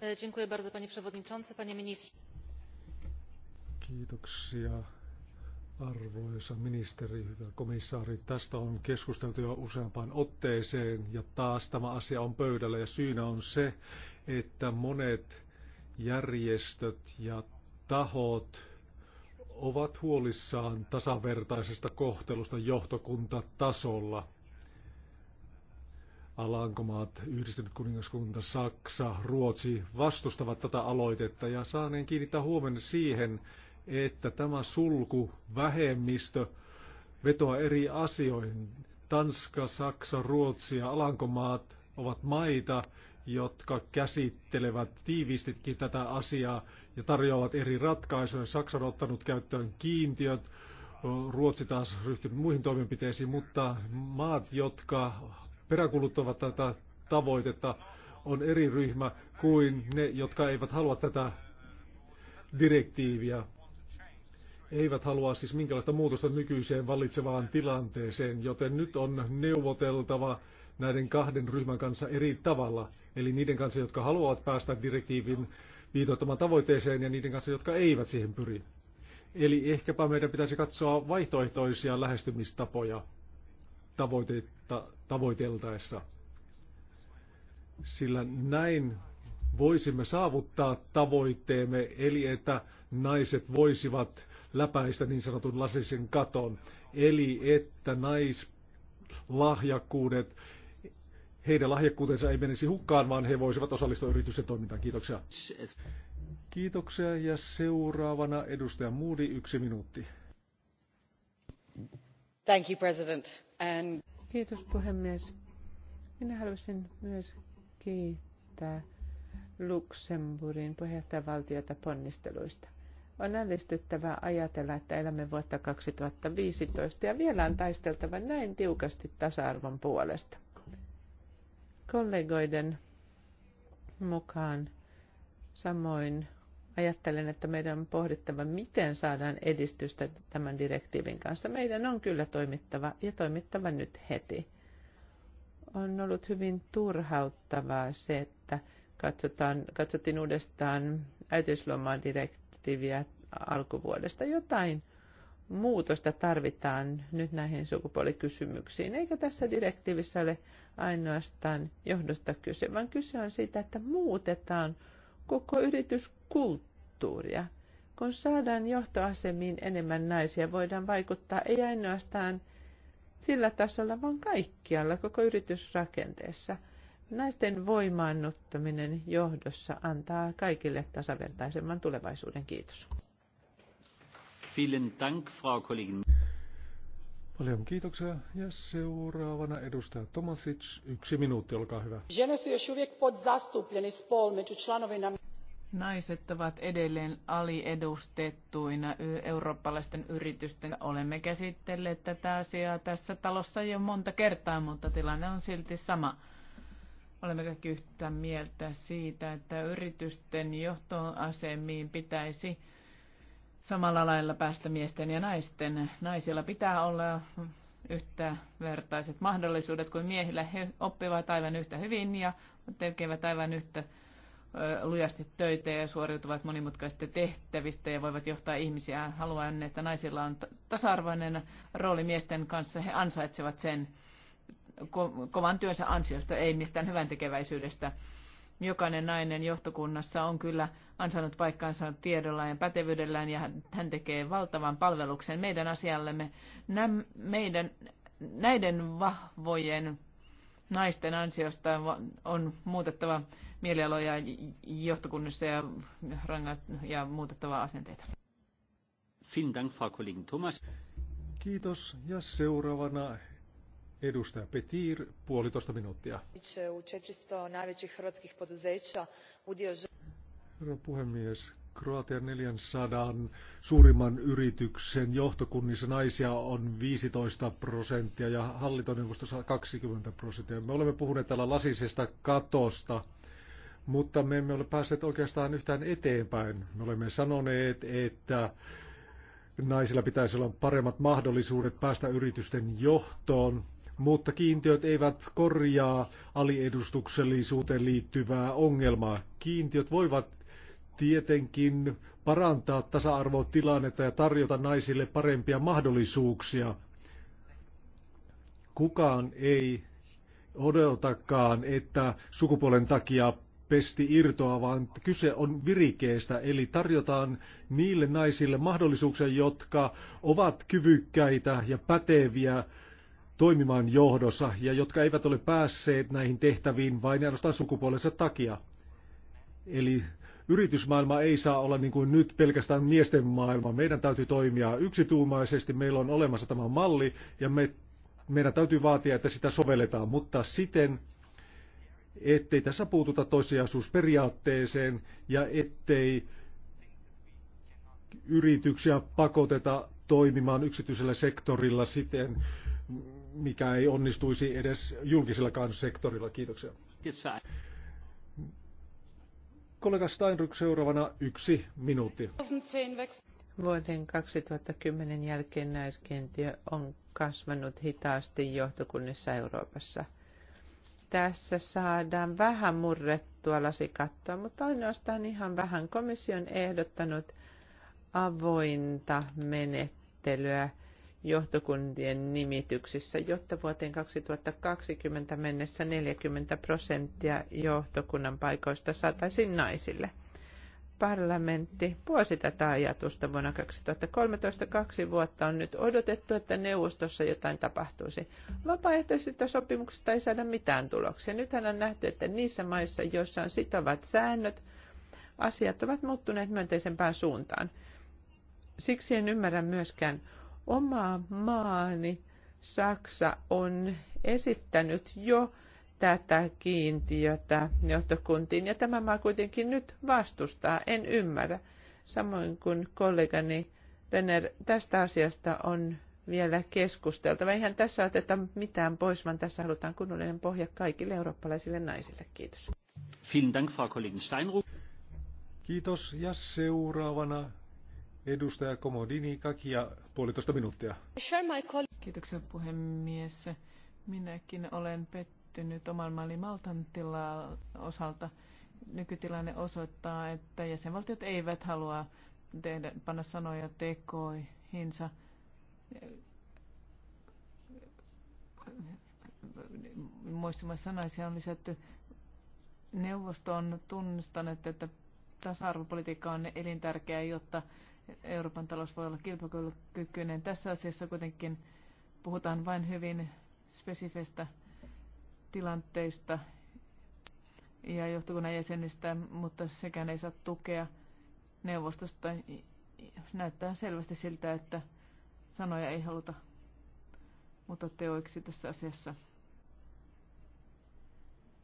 E, dziękuję bardzo, panie przewodniczący, panie ministrze. Kiitoksia, Arvoisa ministeri, hyvä komissaari, tästä on keskusteltu jo useampaan otteeseen ja taas tämä asia on pöydällä ja syynä on se, että monet järjestöt ja tahot ovat huolissaan tasavertaisesta kohtelusta johtokuntatasolla. Alankomaat, Yhdistynyt kuningaskunta, Saksa, Ruotsi vastustavat tätä aloitetta ja saaneen kiinnittää huomenna siihen, että tämä sulku vähemmistö vetoa eri asioihin. Tanska, Saksa, Ruotsi ja Alankomaat ovat maita, jotka käsittelevät tiivistikin tätä asiaa ja tarjoavat eri ratkaisuja. Saksa on ottanut käyttöön kiintiöt, Ruotsi taas ryhtynyt muihin toimenpiteisiin, mutta maat, jotka peräkuluttavat tätä tavoitetta, on eri ryhmä kuin ne, jotka eivät halua tätä direktiiviä eivät halua siis minkälaista muutosta nykyiseen vallitsevaan tilanteeseen, joten nyt on neuvoteltava näiden kahden ryhmän kanssa eri tavalla, eli niiden kanssa, jotka haluavat päästä direktiivin viitoittamaan tavoitteeseen ja niiden kanssa, jotka eivät siihen pyri. Eli ehkäpä meidän pitäisi katsoa vaihtoehtoisia lähestymistapoja tavoiteltaessa, sillä näin voisimme saavuttaa tavoitteemme, eli että naiset voisivat läpäistä niin sanotun lasisen katon, eli että naislahjakkuudet, heidän lahjakkuutensa ei menisi hukkaan, vaan he voisivat osallistua yritysten toimintaan. Kiitoksia. Kiitoksia ja seuraavana edustaja Moody, yksi minuutti. Thank you, President. And... Kiitos puhemies. Minä haluaisin myös kiittää Luxemburgin puheenjohtajavaltiota ponnisteluista. On ällistyttävää ajatella, että elämme vuotta 2015 ja vielä on taisteltava näin tiukasti tasa-arvon puolesta. Kollegoiden mukaan samoin ajattelen, että meidän on pohdittava, miten saadaan edistystä tämän direktiivin kanssa. Meidän on kyllä toimittava ja toimittava nyt heti. On ollut hyvin turhauttavaa se, että katsotaan, katsottiin uudestaan äitiyslomadirektiiviä alkuvuodesta. Jotain muutosta tarvitaan nyt näihin sukupuolikysymyksiin, eikä tässä direktiivissä ole ainoastaan johdosta kyse, vaan kyse on siitä, että muutetaan koko yrityskulttuuria. Kun saadaan johtoasemiin enemmän naisia, voidaan vaikuttaa ei ainoastaan sillä tasolla, vaan kaikkialla koko yritysrakenteessa – Naisten voimaannuttaminen johdossa antaa kaikille tasavertaisemman tulevaisuuden. Kiitos. Vielen Dank, Frau Kollegin. Paljon kiitoksia. Ja seuraavana edustaja Tomasic. Yksi minuutti, olkaa hyvä. Naiset ovat edelleen aliedustettuina eurooppalaisten yritysten. Olemme käsitelleet tätä asiaa tässä talossa jo monta kertaa, mutta tilanne on silti sama Olemme kaikki yhtä mieltä siitä, että yritysten johtoasemiin pitäisi samalla lailla päästä miesten ja naisten. Naisilla pitää olla yhtä vertaiset mahdollisuudet kuin miehillä. He oppivat aivan yhtä hyvin ja tekevät aivan yhtä lujasti töitä ja suoriutuvat monimutkaisista tehtävistä ja voivat johtaa ihmisiä. Haluan, että naisilla on tasa-arvoinen rooli miesten kanssa. He ansaitsevat sen ko- kovan työnsä ansiosta, ei mistään hyvän tekeväisyydestä. Jokainen nainen johtokunnassa on kyllä ansainnut paikkaansa tiedollaan ja pätevyydellään ja hän tekee valtavan palveluksen meidän asiallemme. Näm, meidän, näiden vahvojen naisten ansiosta on muutettava mielialoja johtokunnissa ja, rangaist- ja muutettava asenteita. Vielen Dank, Frau Kollegin Thomas. Kiitos. Ja seuraavana Edustaja Petir, puolitoista minuuttia. Herra puhemies, Kroatian 400 suurimman yrityksen johtokunnissa naisia on 15 prosenttia ja hallintoneuvostossa 20 prosenttia. Me olemme puhuneet täällä lasisesta katosta, mutta me emme ole päässeet oikeastaan yhtään eteenpäin. Me olemme sanoneet, että naisilla pitäisi olla paremmat mahdollisuudet päästä yritysten johtoon mutta kiintiöt eivät korjaa aliedustuksellisuuteen liittyvää ongelmaa. Kiintiöt voivat tietenkin parantaa tasa-arvotilannetta ja tarjota naisille parempia mahdollisuuksia. Kukaan ei odotakaan, että sukupuolen takia pesti irtoa, vaan kyse on virikeestä, eli tarjotaan niille naisille mahdollisuuksia, jotka ovat kyvykkäitä ja päteviä toimimaan johdossa ja jotka eivät ole päässeet näihin tehtäviin vain ainoastaan sukupuolensa takia. Eli yritysmaailma ei saa olla niin kuin nyt pelkästään miesten maailma. Meidän täytyy toimia yksituumaisesti. Meillä on olemassa tämä malli ja me, meidän täytyy vaatia, että sitä sovelletaan, mutta siten, ettei tässä puututa toissijaisuusperiaatteeseen ja ettei yrityksiä pakoteta toimimaan yksityisellä sektorilla siten, mikä ei onnistuisi edes julkisellakaan sektorilla. Kiitoksia. Kollega Steinrück seuraavana yksi minuutti. Vuoden 2010 jälkeen naiskiintiö on kasvanut hitaasti johtokunnissa Euroopassa. Tässä saadaan vähän murrettua lasikattoa, mutta ainoastaan ihan vähän. Komission ehdottanut avointa menettelyä – johtokuntien nimityksissä, jotta vuoteen 2020 mennessä 40 prosenttia johtokunnan paikoista saataisiin naisille. Parlamentti puosi tätä ajatusta vuonna 2013. Kaksi vuotta on nyt odotettu, että neuvostossa jotain tapahtuisi. Vapaaehtoisista sopimuksista ei saada mitään tuloksia. Nythän on nähty, että niissä maissa, joissa on sitovat säännöt, asiat ovat muuttuneet myönteisempään suuntaan. Siksi en ymmärrä myöskään, Oma maani Saksa on esittänyt jo tätä kiintiötä johtokuntiin, ja tämä maa kuitenkin nyt vastustaa, en ymmärrä. Samoin kuin kollegani Renner, tästä asiasta on vielä keskusteltava. Eihän tässä oteta mitään pois, vaan tässä halutaan kunnollinen pohja kaikille eurooppalaisille naisille. Kiitos. Vielen Dank, Frau Kollegin Steinruck. Kiitos ja seuraavana Edustaja Komodini, Kakia, puolitoista minuuttia. Kiitoksia puhemies. Minäkin olen pettynyt oman mallin Maltan osalta. Nykytilanne osoittaa, että jäsenvaltiot eivät halua tehdä, panna sanoja tekoihinsa. Muistumassa sanaisia on lisätty. Neuvosto on tunnustanut, että tasa-arvopolitiikka on elintärkeää, jotta Euroopan talous voi olla kilpailukykyinen. Tässä asiassa kuitenkin puhutaan vain hyvin spesifistä tilanteista ja johtokunnan jäsenistä, mutta sekään ei saa tukea neuvostosta. Näyttää selvästi siltä, että sanoja ei haluta mutta teoiksi tässä asiassa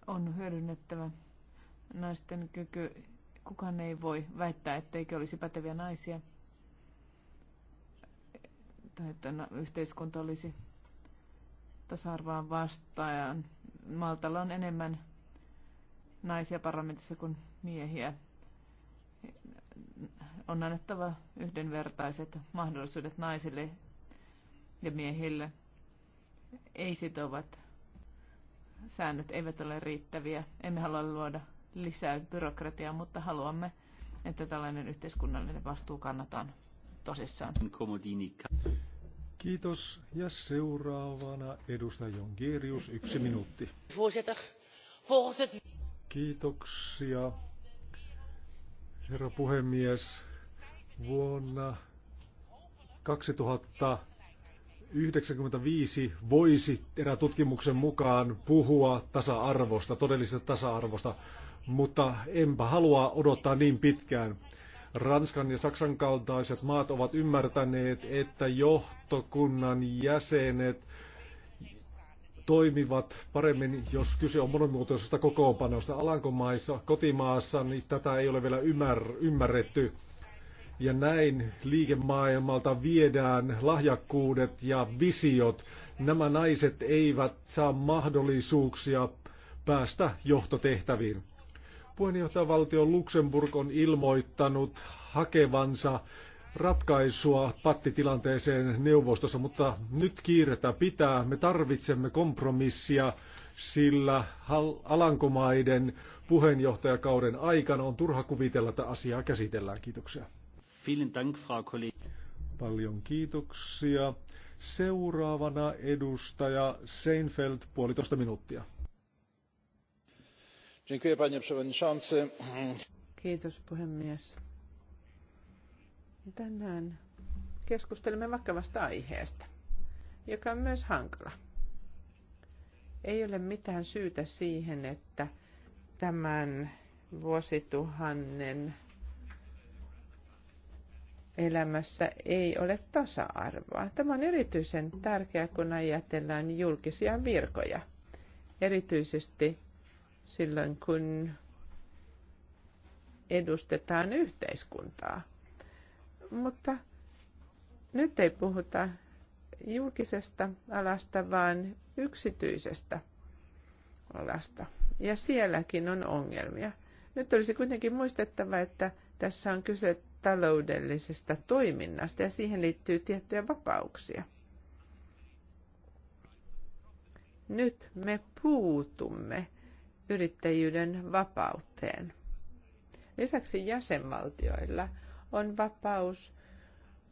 on hyödynnettävä naisten kyky Kukaan ei voi väittää, etteikö olisi päteviä naisia tai että yhteiskunta olisi tasa-arvoa vastaan. Maltalla on enemmän naisia parlamentissa kuin miehiä. On annettava yhdenvertaiset mahdollisuudet naisille ja miehille. Ei sitovat säännöt eivät ole riittäviä. Emme halua luoda lisää byrokratiaa, mutta haluamme, että tällainen yhteiskunnallinen vastuu kannataan tosissaan. Kiitos. Ja seuraavana edustaja Jongerius, yksi minuutti. Kiitoksia, herra puhemies. Vuonna 2095 voisi erä tutkimuksen mukaan puhua tasa-arvosta, todellisesta tasa-arvosta mutta enpä halua odottaa niin pitkään. Ranskan ja Saksan kaltaiset maat ovat ymmärtäneet, että johtokunnan jäsenet toimivat paremmin, jos kyse on monimuotoisesta kokoonpanosta. Alankomaissa, kotimaassa, niin tätä ei ole vielä ymmär, ymmärretty. Ja näin liikemaailmalta viedään lahjakkuudet ja visiot. Nämä naiset eivät saa mahdollisuuksia päästä johtotehtäviin. Puheenjohtajavaltio Luxemburg on ilmoittanut hakevansa ratkaisua pattitilanteeseen neuvostossa, mutta nyt kiirettä pitää. Me tarvitsemme kompromissia, sillä Alankomaiden puheenjohtajakauden aikana on turha kuvitella, että asiaa käsitellään. Kiitoksia. Paljon kiitoksia. Seuraavana edustaja Seinfeld, puolitoista minuuttia panie przewodniczący! kiitos puhemies. tänään keskustelemme vakavasta aiheesta joka on myös hankala. Ei ole mitään syytä siihen, että tämän vuosituhannen elämässä ei ole tasa-arvoa. Tämä on erityisen tärkeää, kun ajatellaan julkisia virkoja, erityisesti silloin, kun edustetaan yhteiskuntaa. Mutta nyt ei puhuta julkisesta alasta, vaan yksityisestä alasta. Ja sielläkin on ongelmia. Nyt olisi kuitenkin muistettava, että tässä on kyse taloudellisesta toiminnasta ja siihen liittyy tiettyjä vapauksia. Nyt me puutumme yrittäjyyden vapauteen. Lisäksi jäsenvaltioilla on vapaus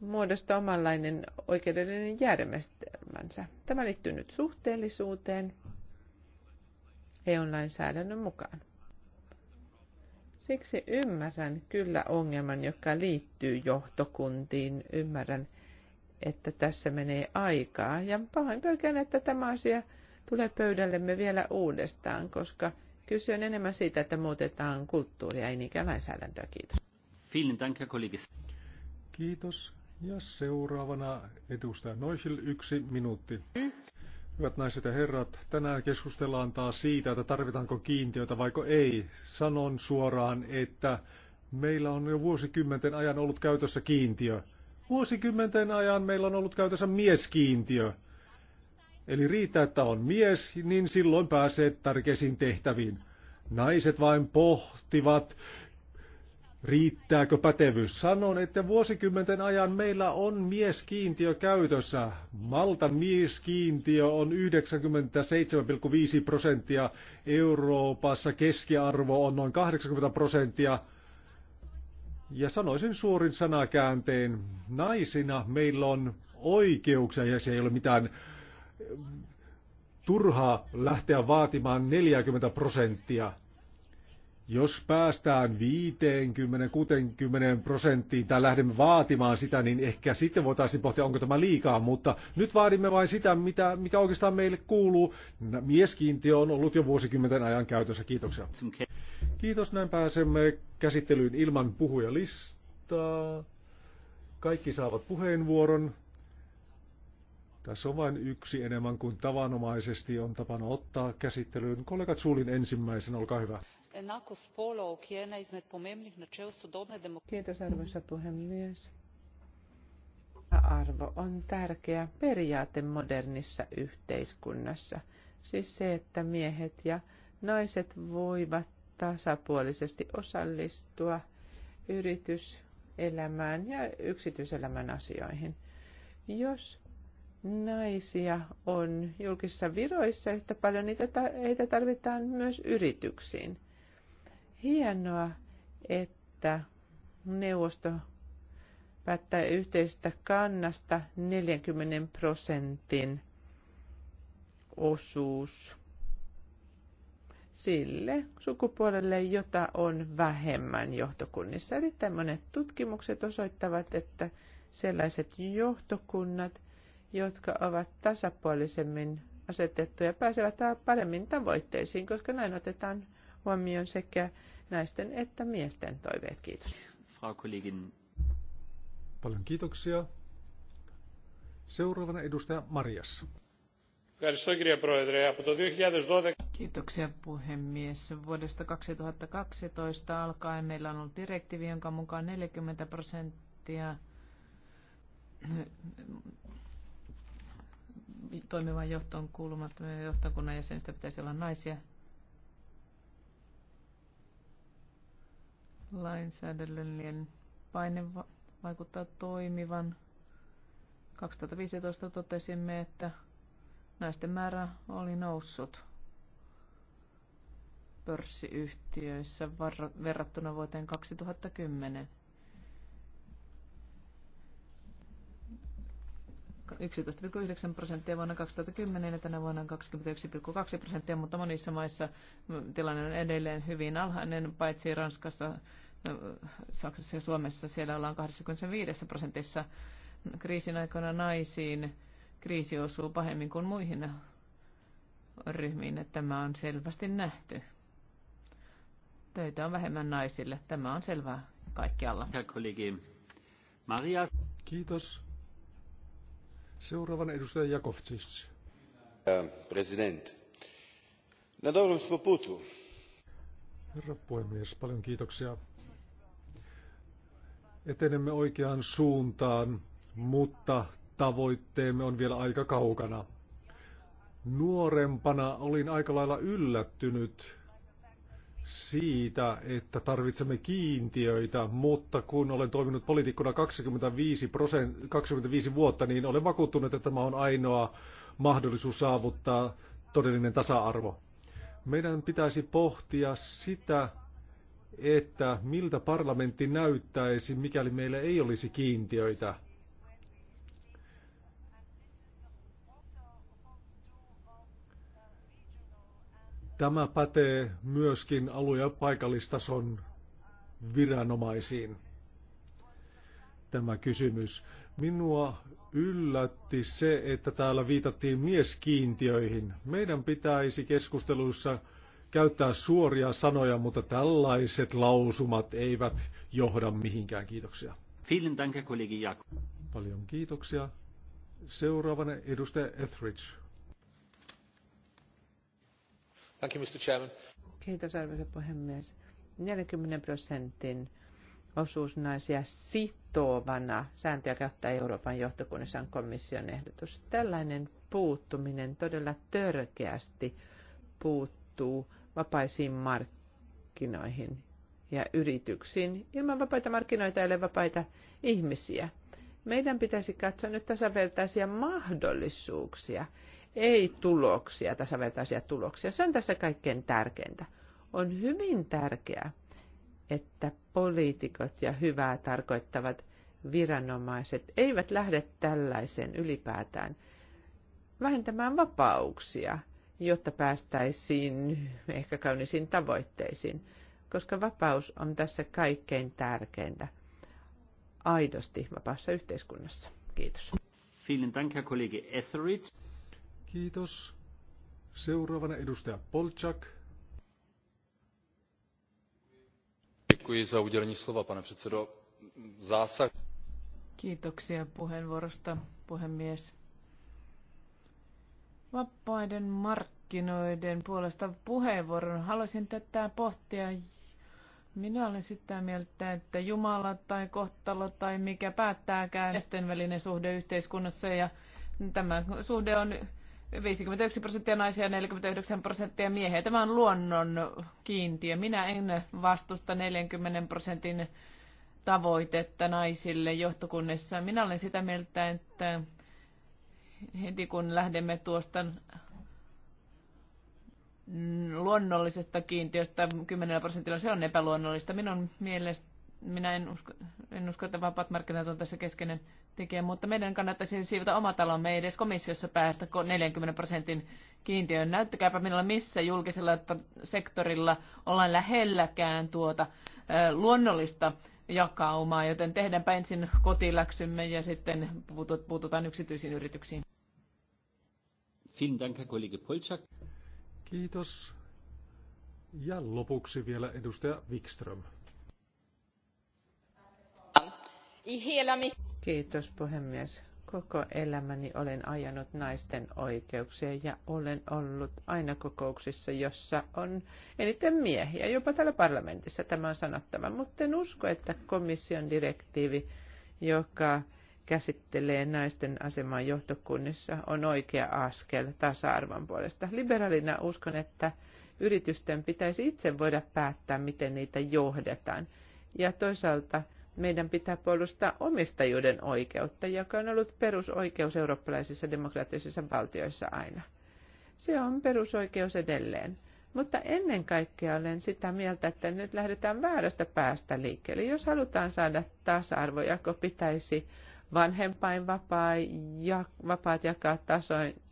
muodostaa omanlainen oikeudellinen järjestelmänsä. Tämä liittyy nyt suhteellisuuteen EU-lainsäädännön mukaan. Siksi ymmärrän kyllä ongelman, joka liittyy johtokuntiin. Ymmärrän, että tässä menee aikaa ja pahoin pelkään, että tämä asia tulee pöydällemme vielä uudestaan, koska – Kyse on enemmän siitä, että muutetaan kulttuuria, ei niinkään lainsäädäntöä. Kiitos. Kiitos. Ja seuraavana edustaja Noisil yksi minuutti. Mm. Hyvät naiset ja herrat, tänään keskustellaan taas siitä, että tarvitaanko kiintiöitä vaiko ei. Sanon suoraan, että meillä on jo vuosikymmenten ajan ollut käytössä kiintiö. Vuosikymmenten ajan meillä on ollut käytössä mieskiintiö. Eli riittää, että on mies, niin silloin pääsee tärkeisiin tehtäviin. Naiset vain pohtivat, riittääkö pätevyys. Sanon, että vuosikymmenten ajan meillä on mieskiintiö käytössä. Maltan mieskiintiö on 97,5 prosenttia. Euroopassa keskiarvo on noin 80 prosenttia. Ja sanoisin suorin sanakäänteen, naisina meillä on oikeuksia ja se ei ole mitään turhaa lähteä vaatimaan 40 prosenttia. Jos päästään 50-60 prosenttiin tai lähdemme vaatimaan sitä, niin ehkä sitten voitaisiin pohtia, onko tämä liikaa, mutta nyt vaadimme vain sitä, mitä, mikä oikeastaan meille kuuluu. Mieskiintiö on ollut jo vuosikymmenten ajan käytössä. Kiitoksia. Kiitos, näin pääsemme käsittelyyn ilman puhujalistaa. Kaikki saavat puheenvuoron. Tässä on vain yksi enemmän kuin tavanomaisesti on tapana ottaa käsittelyyn. Kollega Zulin ensimmäisen, olkaa hyvä. Kiitos arvoisa puhemies. Arvo on tärkeä periaate modernissa yhteiskunnassa. Siis se, että miehet ja naiset voivat tasapuolisesti osallistua yrityselämään ja yksityiselämän asioihin. Jos naisia on julkisissa viroissa yhtä paljon, niitä heitä tarvitaan myös yrityksiin. Hienoa, että neuvosto päättää yhteisestä kannasta 40 prosentin osuus sille sukupuolelle, jota on vähemmän johtokunnissa. Eli tämmöiset tutkimukset osoittavat, että sellaiset johtokunnat, jotka ovat tasapuolisemmin asetettuja, pääsevät paremmin tavoitteisiin, koska näin otetaan huomioon sekä naisten että miesten toiveet. Kiitos. Frau Kollegin. Paljon kiitoksia. Seuraavana edustaja Marias. Kiitoksia puhemies. Vuodesta 2012 alkaen meillä on ollut direktiivi, jonka mukaan 40 prosenttia toimivan johtoon kuulumattomia johtokunnan jäsenistä pitäisi olla naisia. Lainsäädännöllinen paine vaikuttaa toimivan. 2015 totesimme, että naisten määrä oli noussut pörssiyhtiöissä verrattuna vuoteen 2010. 11,9 prosenttia vuonna 2010 ja tänä vuonna 21,2 prosenttia, mutta monissa maissa tilanne on edelleen hyvin alhainen, paitsi Ranskassa, Saksassa ja Suomessa. Siellä ollaan 25 prosentissa kriisin aikana naisiin. Kriisi osuu pahemmin kuin muihin ryhmiin, että tämä on selvästi nähty. Töitä on vähemmän naisille. Tämä on selvää kaikkialla. Kiitos. Seuraavan edustaja Jakovcic. President. Na dobrom smo putu. Herra puhemies, paljon kiitoksia. Etenemme oikeaan suuntaan, mutta tavoitteemme on vielä aika kaukana. Nuorempana olin aika lailla yllättynyt siitä, että tarvitsemme kiintiöitä, mutta kun olen toiminut poliitikkona 25, 25 vuotta, niin olen vakuuttunut, että tämä on ainoa mahdollisuus saavuttaa todellinen tasa-arvo. Meidän pitäisi pohtia sitä, että miltä parlamentti näyttäisi, mikäli meillä ei olisi kiintiöitä – Tämä pätee myöskin alue- ja paikallistason viranomaisiin tämä kysymys. Minua yllätti se, että täällä viitattiin mieskiintiöihin. Meidän pitäisi keskusteluissa käyttää suoria sanoja, mutta tällaiset lausumat eivät johda mihinkään. Kiitoksia. Vielen danke, kollegi Paljon kiitoksia. Seuraavana edustaja Etheridge arvoisa puhemies. 40 prosentin osuus naisia sitovana sääntöjä käyttää Euroopan johtokunnissa on komission ehdotus. Tällainen puuttuminen todella törkeästi puuttuu vapaisiin markkinoihin ja yrityksiin. Ilman vapaita markkinoita ei ole vapaita ihmisiä. Meidän pitäisi katsoa nyt tasavertaisia mahdollisuuksia ei tuloksia, tasavertaisia tuloksia. Se on tässä kaikkein tärkeintä. On hyvin tärkeää, että poliitikot ja hyvää tarkoittavat viranomaiset eivät lähde tällaiseen ylipäätään vähentämään vapauksia, jotta päästäisiin ehkä kaunisiin tavoitteisiin, koska vapaus on tässä kaikkein tärkeintä aidosti vapaassa yhteiskunnassa. Kiitos. Vielen Dank, Herr Kollege Etheridge. Kiitos. Seuraavana edustaja Polčak. Děkuji za udělení slova, pane předsedo. Zásah. Kiitoksia puheenvuorosta, puhemies. Vapaiden markkinoiden puolesta puheenvuoron. Haluaisin tätä pohtia minä olen sitä mieltä, että Jumala tai kohtalo tai mikä päättääkään miesten välinen suhde yhteiskunnassa ja tämä suhde on 51 prosenttia naisia ja 49 prosenttia miehiä. Tämä on luonnon kiintiö. Minä en vastusta 40 prosentin tavoitetta naisille johtokunnissa. Minä olen sitä mieltä, että heti kun lähdemme tuosta luonnollisesta kiintiöstä 10 prosentilla, se on epäluonnollista. Minun mielestä, minä en usko, en usko että vapaat markkinat on tässä keskeinen tekee, mutta meidän kannattaisi siivota oma Me ei edes komissiossa päästä 40 prosentin kiintiöön. Näyttäkääpä minulla missä julkisella sektorilla ollaan lähelläkään tuota luonnollista jakaumaa, joten tehdäänpä ensin kotiläksymme ja sitten puututaan yksityisiin yrityksiin. Kiitos. Ja lopuksi vielä edustaja Wikström. I hela mitt Kiitos puhemies. Koko elämäni olen ajanut naisten oikeuksia ja olen ollut aina kokouksissa, jossa on eniten miehiä, jopa täällä parlamentissa tämä on sanottava. Mutta en usko, että komission direktiivi, joka käsittelee naisten asemaa johtokunnissa, on oikea askel tasa-arvon puolesta. Liberaalina uskon, että yritysten pitäisi itse voida päättää, miten niitä johdetaan. Ja toisaalta – meidän pitää puolustaa omistajuuden oikeutta, joka on ollut perusoikeus eurooppalaisissa demokraattisissa valtioissa aina. Se on perusoikeus edelleen. Mutta ennen kaikkea olen sitä mieltä, että nyt lähdetään väärästä päästä liikkeelle. Jos halutaan saada tasa-arvojako, pitäisi vanhempainvapaa ja vapaat jakaa tasoin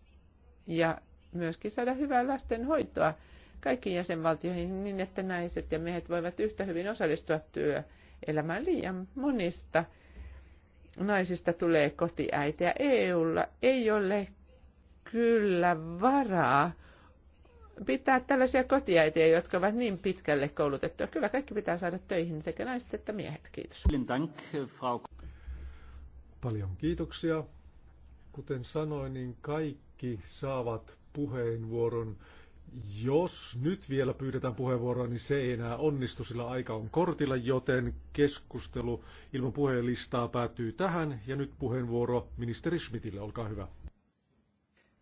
ja myöskin saada hyvää lastenhoitoa kaikkiin jäsenvaltioihin niin, että naiset ja miehet voivat yhtä hyvin osallistua työhön elämään liian monista. Naisista tulee kotiäitiä. EUlla ei ole kyllä varaa pitää tällaisia kotiäitiä, jotka ovat niin pitkälle koulutettuja. Kyllä kaikki pitää saada töihin, sekä naiset että miehet. Kiitos. Paljon kiitoksia. Kuten sanoin, niin kaikki saavat puheenvuoron jos nyt vielä pyydetään puheenvuoroa, niin se ei enää onnistu, sillä aika on kortilla, joten keskustelu ilman puheenlistaa päättyy tähän. Ja nyt puheenvuoro ministeri Schmidtille, olkaa hyvä.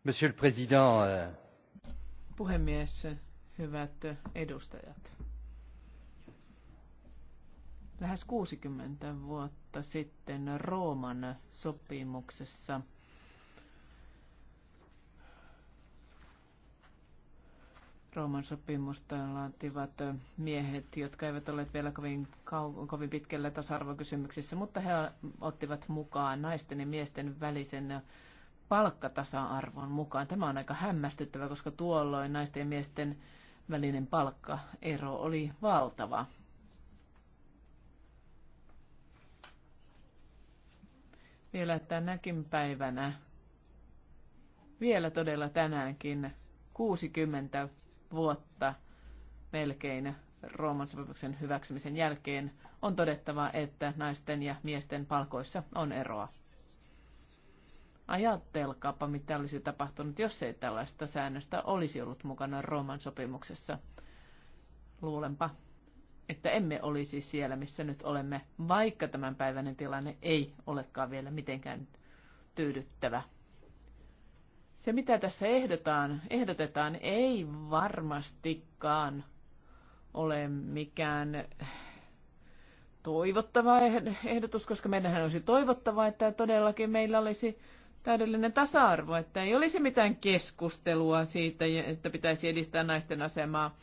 Monsieur le Président. Euh, Puhemies, hyvät edustajat. Lähes 60 vuotta sitten Rooman sopimuksessa – Rooman sopimusta laativat miehet, jotka eivät olleet vielä kovin, kovin pitkällä tasa-arvokysymyksissä, mutta he ottivat mukaan naisten ja miesten välisen palkkatasa-arvon mukaan. Tämä on aika hämmästyttävä, koska tuolloin naisten ja miesten välinen palkkaero oli valtava. Vielä tänäkin päivänä, vielä todella tänäänkin, 60 vuotta melkein Rooman sopimuksen hyväksymisen jälkeen on todettava, että naisten ja miesten palkoissa on eroa. Ajattelkaapa, mitä olisi tapahtunut, jos ei tällaista säännöstä olisi ollut mukana Rooman sopimuksessa. Luulenpa, että emme olisi siellä, missä nyt olemme, vaikka tämänpäiväinen tilanne ei olekaan vielä mitenkään tyydyttävä. Se, mitä tässä ehdotaan, ehdotetaan, ei varmastikaan ole mikään toivottava ehdotus, koska meidän olisi toivottava, että todellakin meillä olisi täydellinen tasa-arvo, että ei olisi mitään keskustelua siitä, että pitäisi edistää naisten asemaa,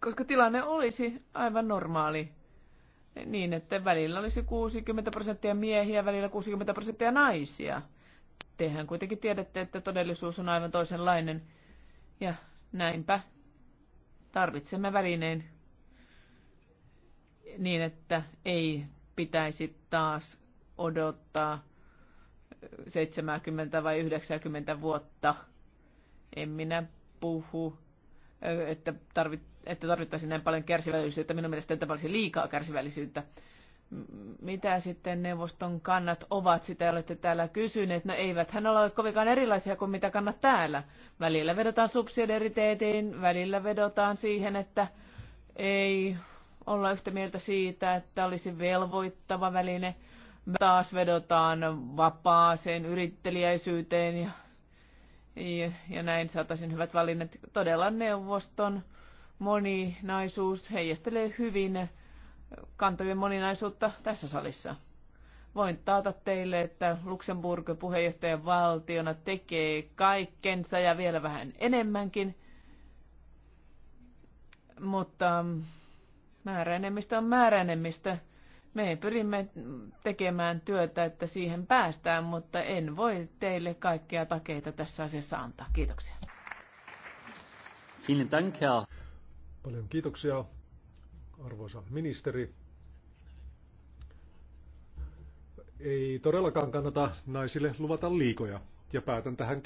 koska tilanne olisi aivan normaali niin, että välillä olisi 60 prosenttia miehiä, välillä 60 prosenttia naisia – Tehän kuitenkin tiedätte, että todellisuus on aivan toisenlainen. Ja näinpä tarvitsemme välineen niin, että ei pitäisi taas odottaa 70 vai 90 vuotta. En minä puhu, että, tarvit, että tarvittaisiin näin paljon kärsivällisyyttä. Minun mielestäni tämä olisi liikaa kärsivällisyyttä mitä sitten neuvoston kannat ovat, sitä olette täällä kysyneet. No eivät hän ole kovinkaan erilaisia kuin mitä kannat täällä. Välillä vedotaan subsidiariteetiin, välillä vedotaan siihen, että ei olla yhtä mieltä siitä, että olisi velvoittava väline. Taas vedotaan vapaaseen yrittelijäisyyteen ja, ja, ja näin saataisiin hyvät valinnat. Todella neuvoston moninaisuus heijastelee hyvin kantojen moninaisuutta tässä salissa. Voin taata teille, että Luxemburg puheenjohtajan valtiona tekee kaikkensa ja vielä vähän enemmänkin. Mutta määräenemmistö on määräenemmistö. Me pyrimme tekemään työtä, että siihen päästään, mutta en voi teille kaikkia takeita tässä asiassa antaa. Kiitoksia. Paljon kiitoksia, arvoisa ministeri. Ei todellakaan kannata naisille luvata liikoja ja päätän tähän